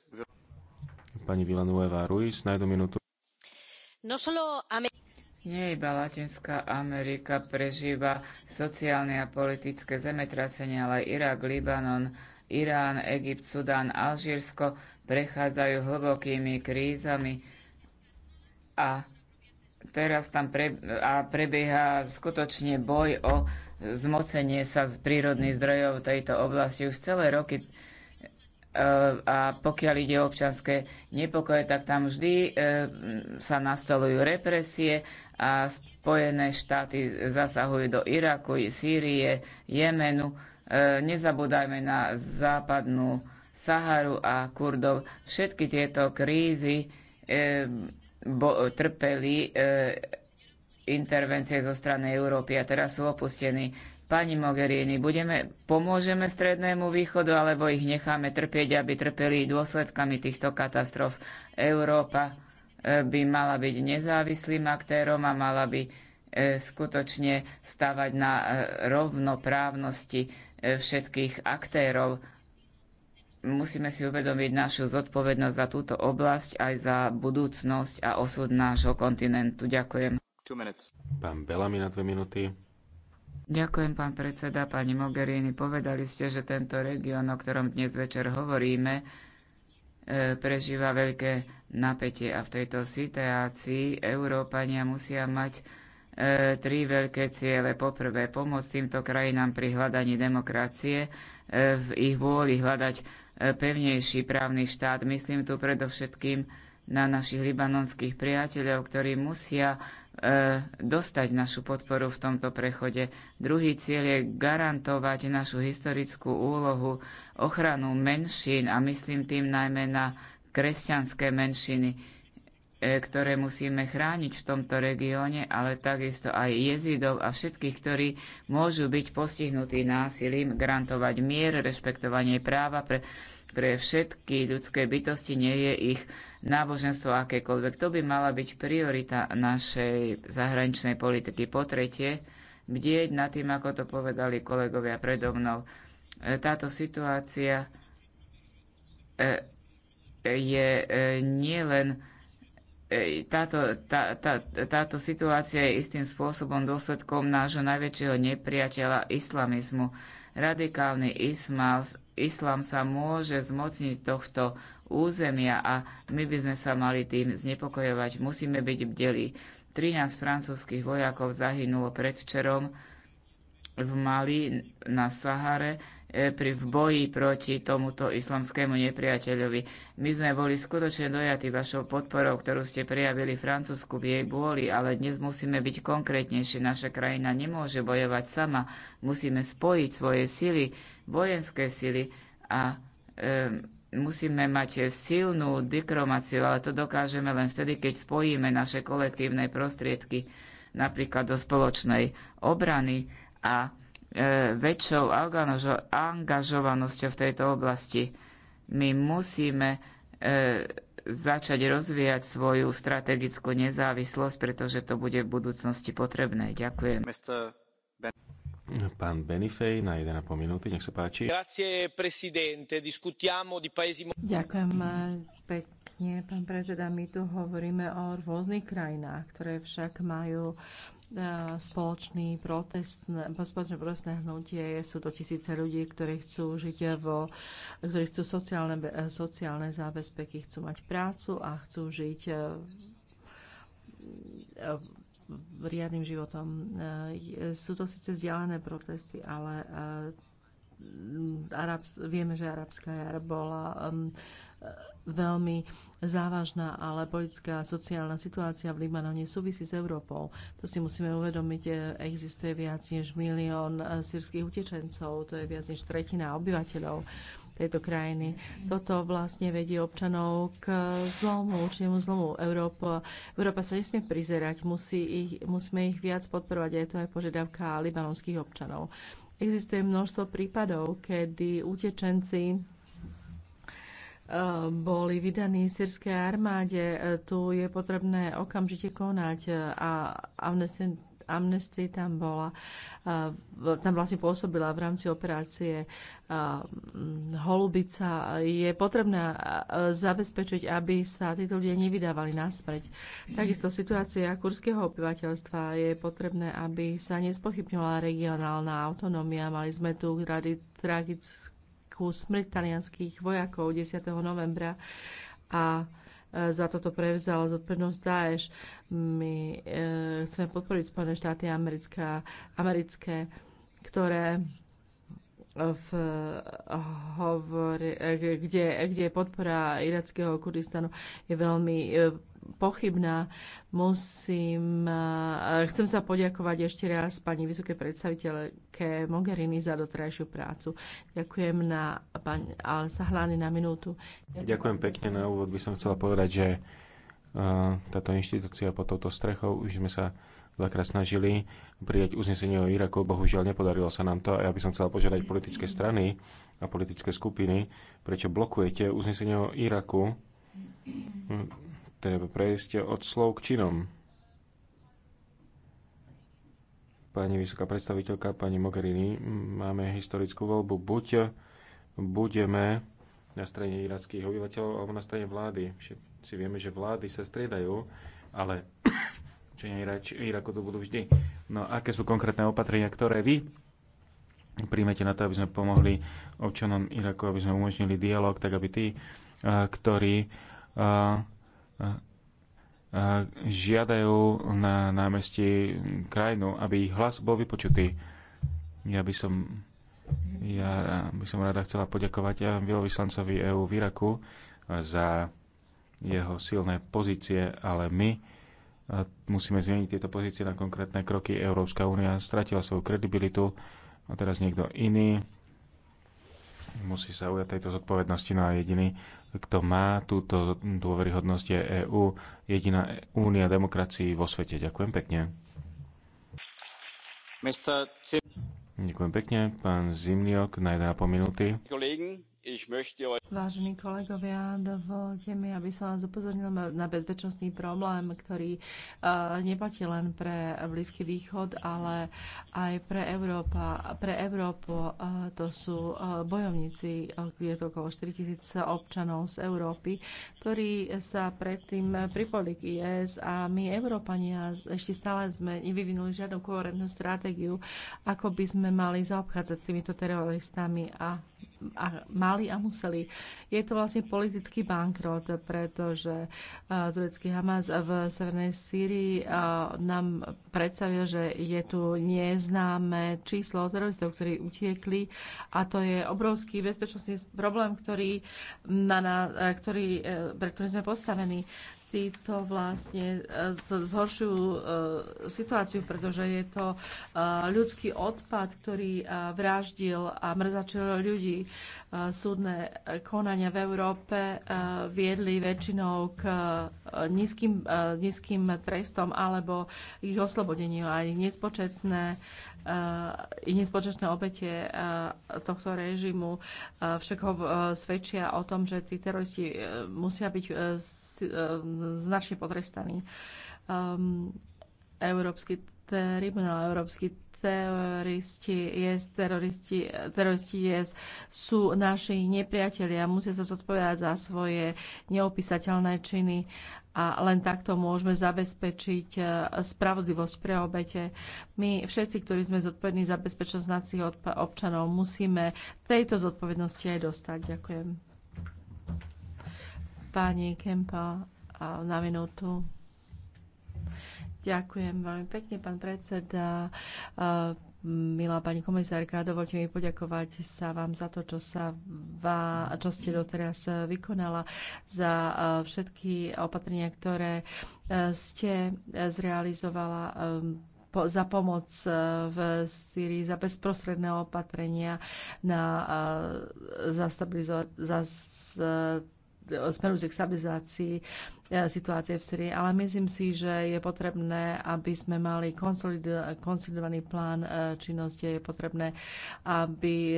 [SPEAKER 2] Pani Villanueva Ruiz, na jednu minútu. No solo nie iba
[SPEAKER 1] Latinská Amerika prežíva sociálne a politické zemetrasenia, ale Irak, Libanon, Irán, Egypt, Sudán, Alžírsko prechádzajú hlbokými krízami a teraz tam pre, a prebieha skutočne boj o zmocenie sa z prírodných zdrojov tejto oblasti. Už celé roky Ehm, a pokiaľ ide o občanské nepokoje, tak tam vždy ehm, sa nastolujú represie a Spojené štáty zasahujú do Iraku, Sýrie, Jemenu. Ehm, nezabúdajme na západnú Saharu a Kurdov. Všetky tieto krízy trpeli intervencie zo strany Európy a teraz sú opustení. Pani Mogherini, budeme, pomôžeme Strednému východu, alebo ich necháme trpieť, aby trpeli dôsledkami týchto katastrof. Európa e, by mala byť nezávislým aktérom a mala by e, skutočne stavať na e, rovnoprávnosti všetkých aktérov. Musíme si uvedomiť našu zodpovednosť za túto oblasť aj za budúcnosť a osud nášho kontinentu. Ďakujem.
[SPEAKER 2] Pán Belami na dve minúty.
[SPEAKER 1] Ďakujem, pán predseda, pani Mogherini. Povedali ste, že tento región, o ktorom dnes večer hovoríme, e, prežíva veľké napätie a v tejto situácii Európania musia mať e, tri veľké ciele. Poprvé, pomôcť týmto krajinám pri hľadaní demokracie, e, v ich vôli hľadať pevnejší právny štát. Myslím tu predovšetkým na našich libanonských priateľov, ktorí musia E, dostať našu podporu v tomto prechode. Druhý cieľ je garantovať našu historickú úlohu, ochranu menšín a myslím tým najmä na kresťanské menšiny, e, ktoré musíme chrániť v tomto regióne, ale takisto aj jezidov a všetkých, ktorí môžu byť postihnutí násilím, garantovať mier, rešpektovanie práva pre, pre všetky ľudské bytosti, nie je ich náboženstvo akékoľvek. To by mala byť priorita našej zahraničnej politiky. Po tretie, bdieť nad tým, ako to povedali kolegovia predo mnou. E, táto situácia e, je e, nielen táto, tá, tá, táto situácia je istým spôsobom dôsledkom nášho najväčšieho nepriateľa islamizmu. Radikálny ismál, islám sa môže zmocniť tohto územia a my by sme sa mali tým znepokojovať. Musíme byť bdelí. 13 francúzskych vojakov zahynulo predvčerom v Mali na Sahare E, pri v boji proti tomuto islamskému nepriateľovi. My sme boli skutočne dojatí vašou podporou, ktorú ste prijavili Francúzsku v jej bôli, ale dnes musíme byť konkrétnejší. Naša krajina nemôže bojovať sama. Musíme spojiť svoje sily, vojenské sily a e, musíme mať silnú dikromáciu, ale to dokážeme len vtedy, keď spojíme naše kolektívne prostriedky napríklad do spoločnej obrany a E, väčšou angažovanosťou v tejto oblasti. My musíme e, začať rozvíjať svoju strategickú nezávislosť, pretože to bude v budúcnosti
[SPEAKER 2] potrebné. Ďakujem. Pán Benifej na 1,5 minúty, nech sa páči.
[SPEAKER 5] Ďakujem
[SPEAKER 4] e, pekne, pán predseda. My tu hovoríme o rôznych krajinách, ktoré však majú E, spoločný protest, spoločné protestné hnutie sú to tisíce ľudí, ktorí chcú žiť vo, ktorí chcú sociálne, e, sociálne zábezpeky, chcú mať prácu a chcú žiť e, riadnym životom. Sú to síce vzdialené protesty, ale Arabs, vieme, že arabská jar bola um, veľmi závažná, ale politická a sociálna situácia v Libanone súvisí s Európou. To si musíme uvedomiť. E, existuje viac než milión e, sírskych utečencov, to je viac než tretina obyvateľov tejto krajiny. Toto vlastne vedie občanov k zlomu, určitému zlomu. Európa, Európa sa nesmie prizerať, musí ich, musíme ich viac podporovať aj je to aj požiadavka libanonských občanov. Existuje množstvo prípadov, kedy utečenci boli vydaní sírskej armáde. Tu je potrebné okamžite konať a Amnesty, Amnesty tam bola, eh, tam vlastne pôsobila v rámci operácie eh, Holubica. Je potrebné eh, zabezpečiť, aby sa títo ľudia nevydávali naspäť. Takisto situácia kurského obyvateľstva je potrebné, aby sa nespochybňovala regionálna autonómia. Mali sme tu tragické strachu smrť talianských vojakov 10. novembra a e, za toto prevzal zodpovednosť Daesh. My e, chceme podporiť Spojené štáty americká, americké, ktoré v, hovor, e, kde, kde podpora irackého Kurdistanu je veľmi e, pochybná. Musím, chcem sa poďakovať ešte raz pani vysokej predstaviteľke Mogherini za doterajšiu prácu. Ďakujem na pani Al-Sahlány na minútu.
[SPEAKER 2] Ďakujem. Ďakujem pekne. Na úvod by som chcela povedať, že táto inštitúcia pod touto strechou už sme sa dvakrát snažili prijať uznesenie o Iraku, bohužiaľ nepodarilo sa nám to a ja by som chcel požiadať politické strany a politické skupiny, prečo blokujete uznesenie o Iraku, treba prejsť od slov k činom. Pani vysoká predstaviteľka, pani Mogherini, máme historickú voľbu. Buď budeme na strane irackých obyvateľov alebo na strane vlády. Všetci vieme, že vlády sa striedajú, ale občania Irač, Iraku to budú vždy. No aké sú konkrétne opatrenia, ktoré vy príjmete na to, aby sme pomohli občanom Iraku, aby sme umožnili dialog, tak aby tí, ktorí žiadajú na námestí krajinu, aby ich hlas bol vypočutý. Ja by som, ja by som rada chcela poďakovať veľvyslancovi EÚ v Iraku za jeho silné pozície, ale my musíme zmeniť tieto pozície na konkrétne kroky. Európska únia stratila svoju kredibilitu a teraz niekto iný musí sa ujať tejto zodpovednosti. No a jediný, kto má túto dôveryhodnosť je EÚ, jediná únia demokracií vo svete. Ďakujem pekne. Ďakujem pekne, pán Zimniok, na 1,5 minúty. Kolegen.
[SPEAKER 4] Vážení kolegovia, dovolte mi, aby som vás upozornil na bezpečnostný problém, ktorý e, neplatí len pre Blízky východ, ale aj pre, Európa, pre Európu. E, to sú e, bojovníci, je to okolo 4000 tisíc občanov z Európy, ktorí sa predtým pripojili k IS a my, Európania, ešte stále sme nevyvinuli žiadnu koherentnú stratégiu, ako by sme mali zaobchádzať s týmito teroristami a a mali a museli. Je to vlastne politický bankrot, pretože e, turecký Hamas v Severnej Sýrii e, nám predstavil, že je tu neznáme číslo teroristov, ktorí utiekli a to je obrovský bezpečnostný problém, ktorý, na, na, e, ktorý, pre ktorý sme postavení títo vlastne e, zhoršujú e, situáciu, pretože je to e, ľudský odpad, ktorý vraždil a mrzačil ľudí. Súdne konania v Európe viedli väčšinou k nízkym, nízkym trestom alebo ich oslobodeniu aj nespočetné i nespočetné obete tohto režimu však svedčia o tom, že tí teroristi musia byť Eh, značne potrestaní. Um, ehm, Európsky tribunál, Európsky teroristi, yes, teroristi, teroristi yes, sú naši nepriatelia, musia sa zodpovedať za svoje neopísateľné činy a len takto môžeme zabezpečiť eh, spravodlivosť pre obete. My všetci, ktorí sme zodpovední za bezpečnosť našich občanov, musíme tejto zodpovednosti aj dostať. Ďakujem pani Kempa na minútu. Ďakujem veľmi pekne, pán predseda. Milá pani komisárka, dovolte mi poďakovať sa vám za to, čo, sa vá, čo ste doteraz vykonala, za všetky opatrenia, ktoré ste zrealizovala za pomoc v Syrii, za bezprostredné opatrenia na zastabilizovať, za smerujúce k stabilizácii e, situácie v Syrii, ale myslím si, že je potrebné, aby sme mali konsolidovaný plán e, činnosti, je potrebné, aby,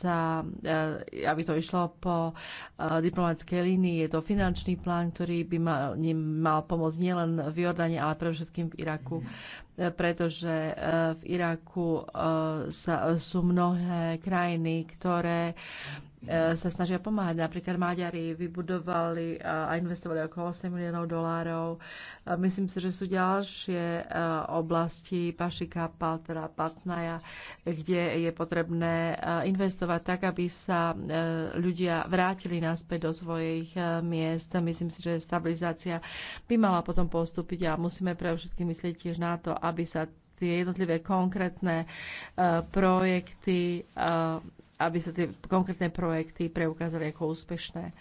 [SPEAKER 4] sa, e, aby to išlo po diplomatickej línii. Je to finančný plán, ktorý by mal, mal pomôcť nielen v Jordáne, ale pre všetkým v Iraku pretože v Iraku sa sú mnohé krajiny, ktoré E, sa snažia pomáhať. Napríklad Maďari vybudovali e, a investovali okolo 8 miliónov dolárov. E, myslím si, že sú ďalšie oblasti Pašika, Paltera, Patnaja, kde je potrebné investovať tak, aby sa ľudia vrátili naspäť do svojich miest. Myslím si, že stabilizácia by mala potom postúpiť a musíme pre všetky myslieť tiež na to, aby sa tie jednotlivé konkrétne uh, projekty uh, aby sa tie konkrétne projekty preukázali ako úspešné.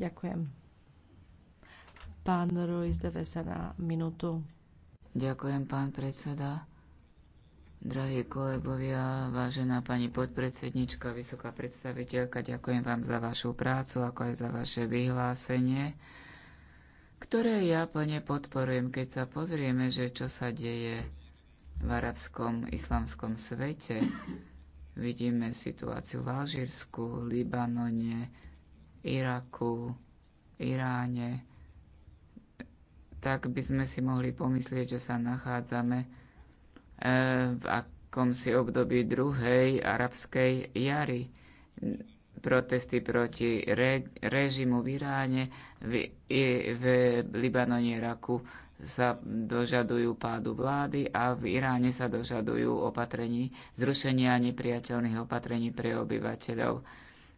[SPEAKER 4] Ďakujem. Pán Ruiz de Vesena, na minútu. Ďakujem, pán predseda.
[SPEAKER 1] Drahí kolegovia, vážená pani podpredsednička, vysoká predstaviteľka, ďakujem vám za vašu prácu, ako aj za vaše vyhlásenie, ktoré ja plne podporujem, keď sa pozrieme, že čo sa deje v arabskom islamskom svete. Vidíme situáciu v Alžírsku, Libanone, Iraku, Iráne. Tak by sme si mohli pomyslieť, že sa nachádzame e, v akomsi období druhej arabskej jary. Protesty proti re, režimu v Iráne, v, v Libanone, Iraku sa dožadujú pádu vlády a v Iráne sa dožadujú opatrení, zrušenia nepriateľných opatrení pre obyvateľov.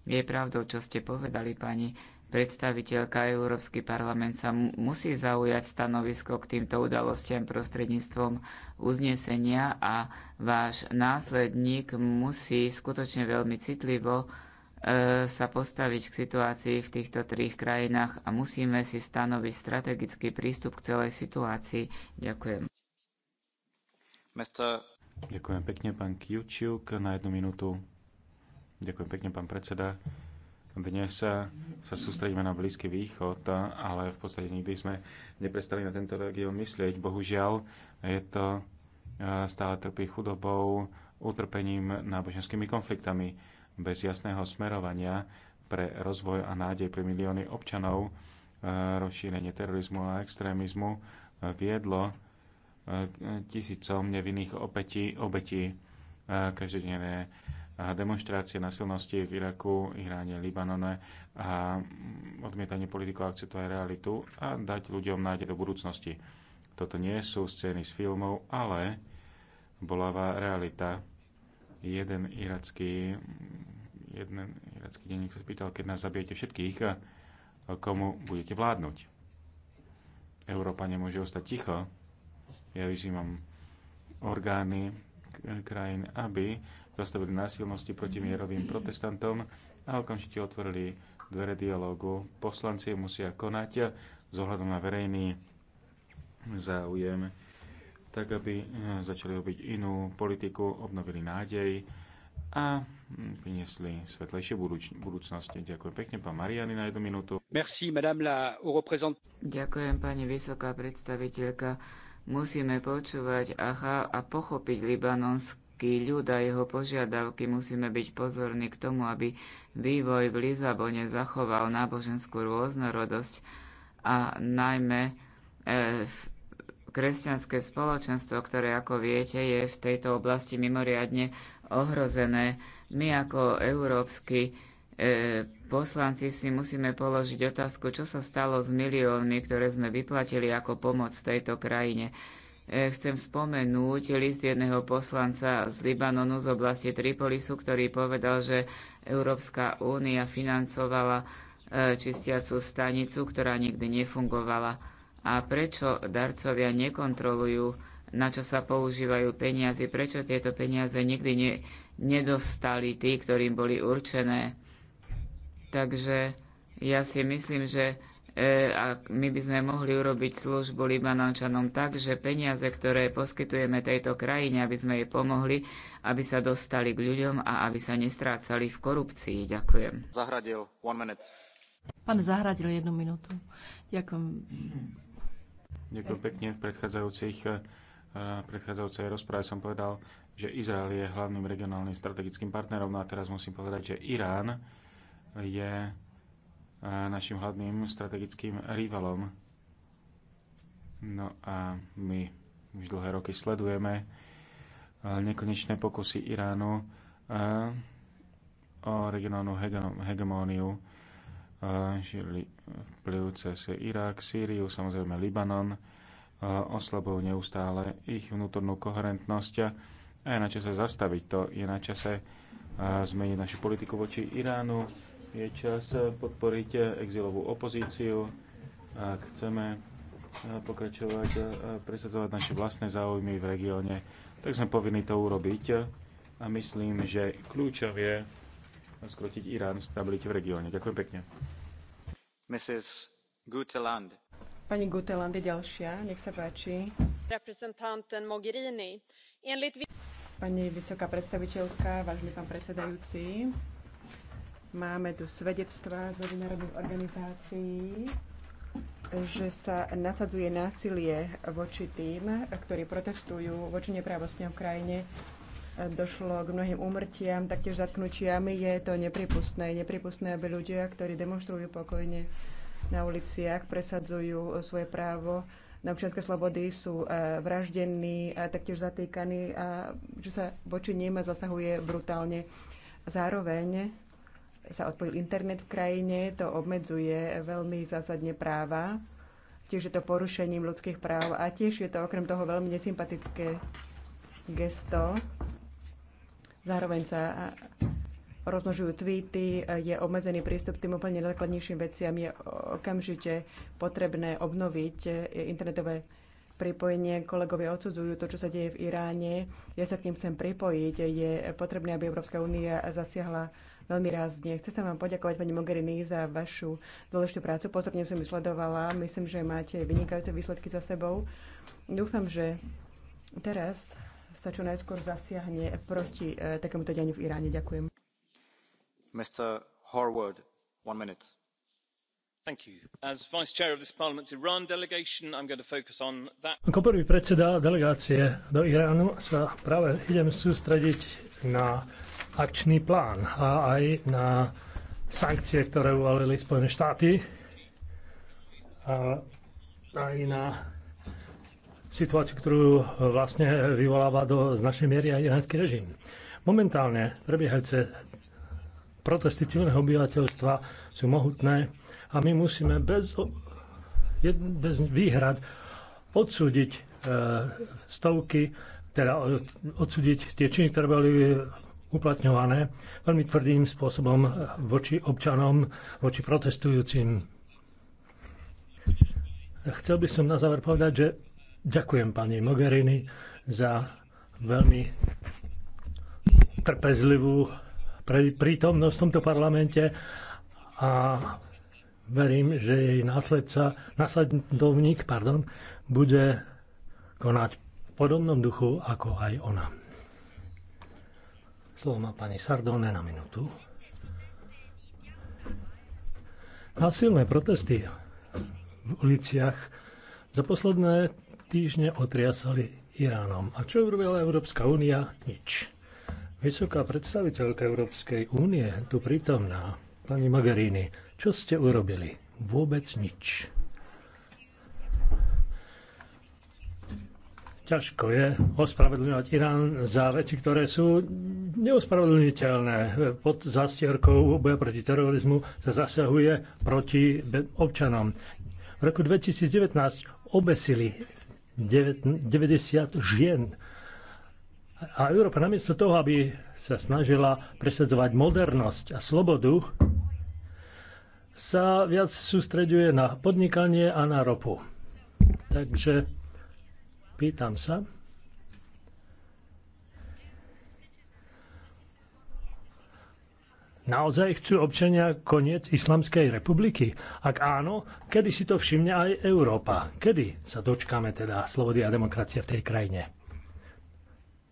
[SPEAKER 1] Je pravdou, čo ste povedali, pani predstaviteľka Európsky parlament sa musí zaujať stanovisko k týmto udalostiam prostredníctvom uznesenia a váš následník musí skutočne veľmi citlivo E, sa postaviť k situácii v týchto trých krajinách a musíme si stanoviť strategický prístup k celej situácii. Ďakujem.
[SPEAKER 2] Mr. Ďakujem pekne, pán Kiučiuk, na jednu minútu. Ďakujem pekne, pán predseda. Dnes sa, sa sústredíme na Blízky východ, ale v podstate nikdy sme neprestali na tento región myslieť. Bohužiaľ, je to e, stále trpí chudobou, utrpením, náboženskými konfliktami bez jasného smerovania pre rozvoj a nádej pre milióny občanov e, rozšírenie terorizmu a extrémizmu e, viedlo e, tisícom nevinných obetí, obetí každodenné demonstrácie násilnosti v Iraku, Iráne, Libanone a mm, odmietanie politikov aj realitu a dať ľuďom nádej do budúcnosti. Toto nie sú scény z filmov, ale bolavá realita jeden iracký, jeden iracký denník sa spýtal, keď nás zabijete všetkých, eh, komu budete vládnuť. Európa nemôže ostať ticho. Ja vyzývam orgány eh, krajín, aby zastavili násilnosti proti mierovým protestantom a okamžite otvorili dvere dialogu. Poslanci musia konať eh, s ohľadom na verejný záujem tak aby eh, začali robiť inú politiku, obnovili nádej a hm, priniesli svetlejšie budúč- budúcnosti. Ďakujem pekne, pán Mariani, na jednu minútu. Merci, madame la reprezent...
[SPEAKER 1] Ďakujem, pani vysoká predstaviteľka. Musíme počúvať aha, a pochopiť libanonský ľud a jeho požiadavky. Musíme byť pozorní k tomu, aby vývoj v Lizabone zachoval náboženskú rôznorodosť a najmä e, v kresťanské spoločenstvo, ktoré, ako viete, je v tejto oblasti mimoriadne ohrozené. My ako európsky e, poslanci si musíme položiť otázku, čo sa stalo s miliónmi, ktoré sme vyplatili ako pomoc tejto krajine. E, chcem spomenúť list jedného poslanca z Libanonu z oblasti Tripolisu, ktorý povedal, že Európska únia financovala e, čistiacu stanicu, ktorá nikdy nefungovala a prečo darcovia nekontrolujú, na čo sa používajú peniaze, prečo tieto peniaze nikdy ne, nedostali tí, ktorým boli určené. Takže ja si myslím, že e, a my by sme mohli urobiť službu Libanončanom tak, že peniaze, ktoré poskytujeme tejto krajine, aby sme jej pomohli, aby sa dostali k ľuďom a aby sa nestrácali v korupcii.
[SPEAKER 2] Ďakujem. Zahradil, one minute.
[SPEAKER 4] Pán Zahradil jednu minútu. Ďakujem.
[SPEAKER 2] Ďakujem pekne. V predchádzajúcich, eh, predchádzajúcej rozprave som povedal, že Izrael je hlavným regionálnym strategickým partnerom. No a teraz musím povedať, že Irán je eh, našim hlavným strategickým rivalom. No a my už dlhé roky sledujeme eh, nekonečné pokusy Iránu o regionálnu hegemóniu žili vplyv cez Irak, Sýriu, samozrejme Libanon, oslabujú neustále ich vnútornú koherentnosť a je na čase zastaviť to, je na čase zmeniť našu politiku voči Iránu, je čas podporiť exilovú opozíciu, ak chceme pokračovať a presadzovať naše vlastné záujmy v regióne, tak sme povinni to urobiť a myslím, že kľúčom je skrotiť Irán v stabilite v regióne. Ďakujem pekne.
[SPEAKER 3] Pani Guteland je ďalšia, nech sa páči. Pani vysoká predstaviteľka, vážený pán predsedajúci, máme tu svedectvá z medzinárodných organizácií, že sa nasadzuje násilie voči tým, ktorí protestujú voči neprávostiam v krajine došlo k mnohým úmrtiam, taktiež zatknutiam. Je to nepripustné. Nepripustné, aby ľudia, ktorí demonstrujú pokojne na uliciach, presadzujú svoje právo na občianske slobody, sú e, vraždení a taktiež zatýkaní a že sa voči nim zasahuje brutálne. Zároveň sa odpojil internet v krajine, to obmedzuje veľmi zásadne práva. Tiež je to porušením ľudských práv a tiež je to okrem toho veľmi nesympatické gesto Zároveň sa rozmnožujú tweety, je obmedzený prístup k tým úplne najzákladnejším veciam, je okamžite potrebné obnoviť e, internetové pripojenie. Kolegovia odsudzujú to, čo sa deje v Iráne. Ja sa k ním chcem pripojiť. Je potrebné, aby Európska únia zasiahla veľmi rázne. Chcem sa vám poďakovať, pani Mogherini, za vašu dôležitú prácu. Pozorne som ju sledovala. Myslím, že máte vynikajúce výsledky za sebou. Dúfam, že teraz sa čo najskôr zasiahne proti uh, takémuto dianiu v Iráne. Ďakujem.
[SPEAKER 5] Mr. Horwood, one minute. Thank you. As vice chair of this parliament's Iran delegation, I'm going to focus on that. Ako prvý predseda delegácie do Iránu sa práve idem sústrediť na akčný plán a aj na sankcie, ktoré uvalili Spojené štáty a aj na situáciu, ktorú eh, vlastne eh, vyvoláva do značnej miery aj iránsky režim. Momentálne prebiehajúce protesty civilného obyvateľstva sú mohutné a my musíme bez, bez výhrad odsúdiť eh, stovky, teda odsúdiť tie činy, ktoré boli uplatňované veľmi tvrdým spôsobom voči občanom, voči protestujúcim. Chcel by som na záver povedať, že Ďakujem pani Mogherini za veľmi trpezlivú prítomnosť v tomto parlamente a verím, že jej následca, následovník pardon, bude konať v podobnom duchu ako aj ona. Slovo má pani Sardone na minútu. Násilné protesty v uliciach za posledné týždne otriasali Iránom. A čo urobila Európska únia? Nič. Vysoká predstaviteľka Európskej únie, tu prítomná, pani Magarini, čo ste urobili? Vôbec nič. Ťažko je ospravedlňovať Irán za veci, ktoré sú neospravedlniteľné. Pod zástierkou boja proti terorizmu sa zasahuje proti občanom. V roku 2019 obesili 90 žien. A Európa namiesto toho, aby sa snažila presadzovať modernosť a slobodu, sa viac sústreďuje na podnikanie a na ropu. Takže pýtam sa, Naozaj chcú občania koniec Islamskej republiky? Ak áno, kedy si to všimne aj Európa? Kedy sa dočkáme teda slobody a demokracie v tej krajine?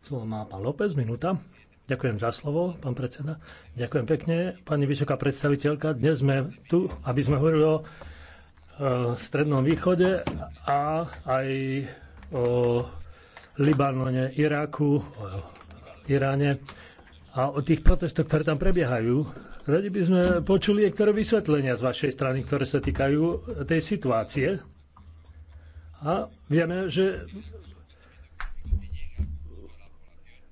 [SPEAKER 5] Slovo má pán López, minúta. Ďakujem za slovo, pán predseda. Ďakujem pekne, pani vysoká predstaviteľka. Dnes sme tu, aby sme hovorili o e, Strednom východe a aj o Libanone, Iraku, o Iráne a o tých protestoch, ktoré tam prebiehajú. Radi by sme počuli niektoré vysvetlenia z vašej strany, ktoré sa týkajú tej situácie. A vieme, že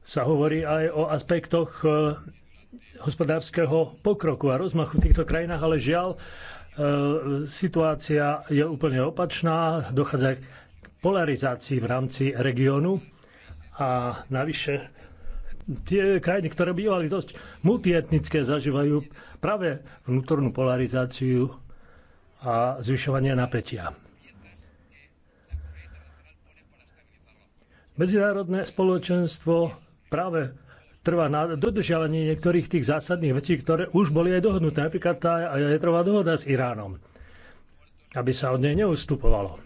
[SPEAKER 5] sa hovorí aj o aspektoch eh, hospodárskeho pokroku a rozmachu v týchto krajinách, ale žiaľ, eh, situácia je úplne opačná, dochádza k polarizácii v rámci regiónu a navyše tie krajiny, ktoré bývali dosť multietnické, zažívajú práve vnútornú polarizáciu a zvyšovanie napätia. Medzinárodné spoločenstvo práve trvá na dodržiavaní niektorých tých zásadných vecí, ktoré už boli aj dohodnuté. Napríklad tá jadrová dohoda s Iránom, aby sa od nej neustupovalo.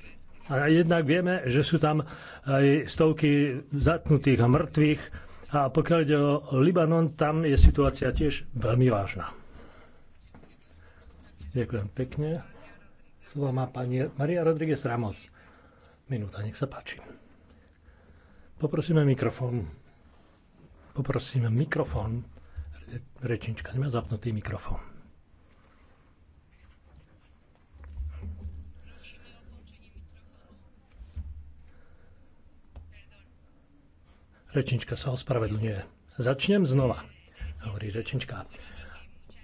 [SPEAKER 5] A jednak vieme, že sú tam aj stovky zatnutých a mŕtvych, a pokiaľ ide o Libanon, tam je situácia tiež veľmi vážna. Ďakujem pekne. Slovo má pani Maria Rodriguez Ramos. Minúta, nech sa páči. Poprosíme mikrofón. Poprosíme mikrofón. Rečnička nemá zapnutý mikrofón. Rečnička sa ospravedlňuje. Začnem znova, hovorí rečnička.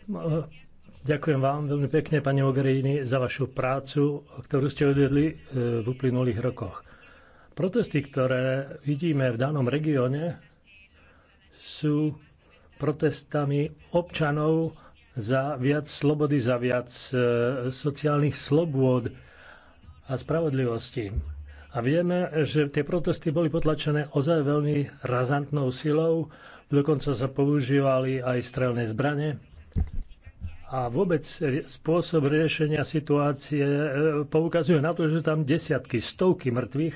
[SPEAKER 5] No, ďakujem vám veľmi pekne, pani Mogherini, za vašu prácu, ktorú ste odvedli e, v uplynulých rokoch. Protesty, ktoré vidíme v danom regióne, sú protestami občanov za viac slobody, za viac e, sociálnych slobôd a spravodlivosti. A vieme, že tie protesty boli potlačené ozaj veľmi razantnou silou, dokonca sa používali aj strelné zbranie. A vôbec spôsob riešenia situácie e, poukazuje na to, že tam desiatky, stovky mŕtvych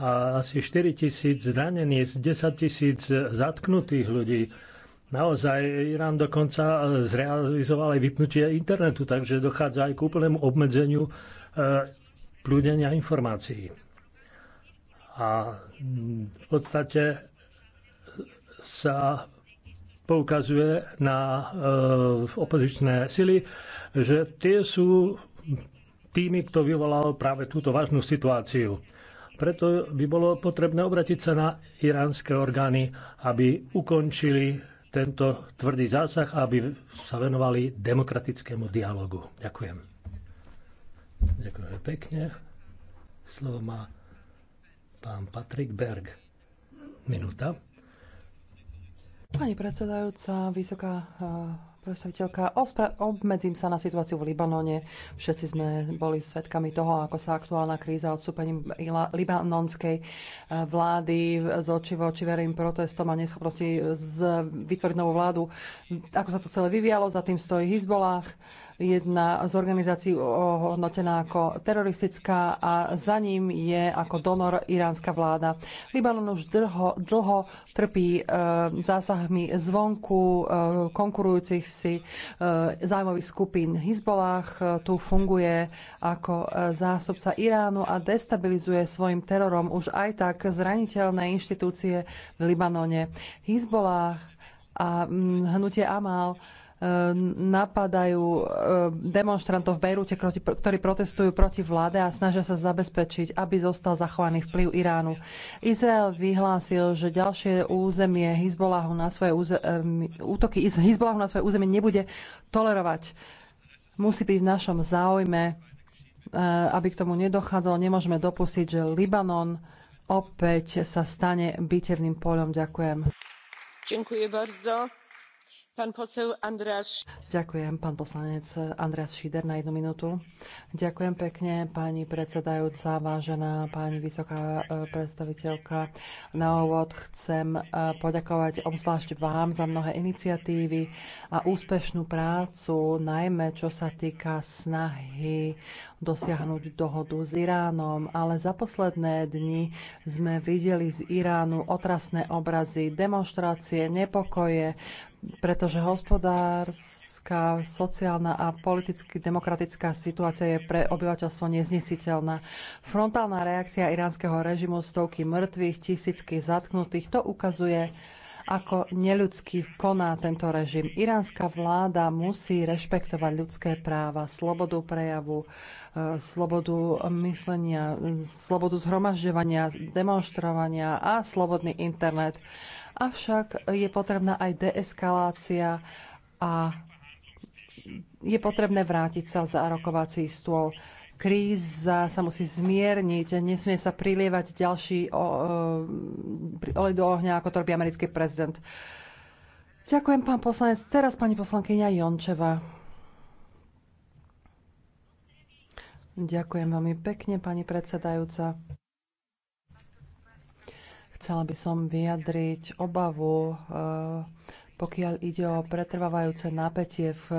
[SPEAKER 5] a asi 4 tisíc zranených, 10 tisíc zatknutých ľudí. Naozaj, Irán dokonca e, zrealizoval aj vypnutie internetu, takže dochádza aj k úplnému obmedzeniu e, prúdenia informácií. A v podstate sa poukazuje na e, opozičné sily, že tie sú tými, kto vyvolal práve túto vážnu situáciu. Preto by bolo potrebné obratiť sa na iránske orgány, aby ukončili tento tvrdý zásah a aby sa venovali demokratickému dialogu. Ďakujem. Ďakujem pekne. Slovo má pán Patrik Berg. Minúta.
[SPEAKER 6] Pani predsedajúca, vysoká eh, predstaviteľka, obmedzím sa na situáciu v Libanone. Všetci sme boli svedkami toho, ako sa aktuálna kríza odstúpením libanonskej eh, vlády z oči v oči verejným protestom a neschopnosti vytvoriť novú vládu, ako sa to celé vyvialo, za tým stojí Hezbollah jedna z organizácií ohodnotená ako teroristická a za ním je ako donor iránska vláda. Libanon už dlho, dlho trpí e, zásahmi zvonku e, konkurujúcich si e, zájmových skupín. Hizbolách e, tu funguje ako e, zásobca Iránu a destabilizuje svojim terorom už aj tak zraniteľné inštitúcie v Libanone. Hizbolách a hnutie Amal Eh, napadajú eh, demonstrantov v Bejrúte, ktorí protestujú proti vláde a snažia sa zabezpečiť, aby zostal zachovaný vplyv Iránu. Izrael vyhlásil, že ďalšie územie Hezbollahu na svoje územie, eh, útoky Hezbollahu na svoje územie nebude tolerovať. Musí byť v našom záujme, aby k tomu nedochádzalo. Nemôžeme dopustiť, že Libanon opäť sa stane bitevným poľom. Ďakujem.
[SPEAKER 4] Ďakujem bardzo. Ďakujem,
[SPEAKER 6] pán poslanec Andreas Šíder na jednu minútu. Ďakujem pekne, pani predsedajúca, vážená pani vysoká e, predstaviteľka. Na úvod chcem e, poďakovať obzvlášť vám za mnohé iniciatívy a úspešnú prácu, najmä čo sa týka snahy dosiahnuť dohodu s Iránom, ale za posledné dni sme videli z Iránu otrasné obrazy, demonstrácie, nepokoje, pretože hospodárska, sociálna a politicky demokratická situácia je pre obyvateľstvo neznesiteľná. Frontálna reakcia iránskeho režimu, stovky mŕtvych, tisícky zatknutých, to ukazuje, ako neľudský koná tento režim. Iránska vláda musí rešpektovať ľudské práva, slobodu prejavu, e, slobodu myslenia, slobodu zhromažďovania, demonstrovania a slobodný internet avšak je potrebná aj deeskalácia a je potrebné vrátiť sa za rokovací stôl. Kríza sa musí zmierniť, nesmie sa prilievať ďalší e, olej do ohňa, ako to robí americký prezident. Ďakujem, pán poslanec. Teraz pani poslankyňa Jončeva. Ďakujem veľmi pekne, pani predsedajúca. Chcela by som vyjadriť obavu, eh, pokiaľ ide o pretrvávajúce napätie v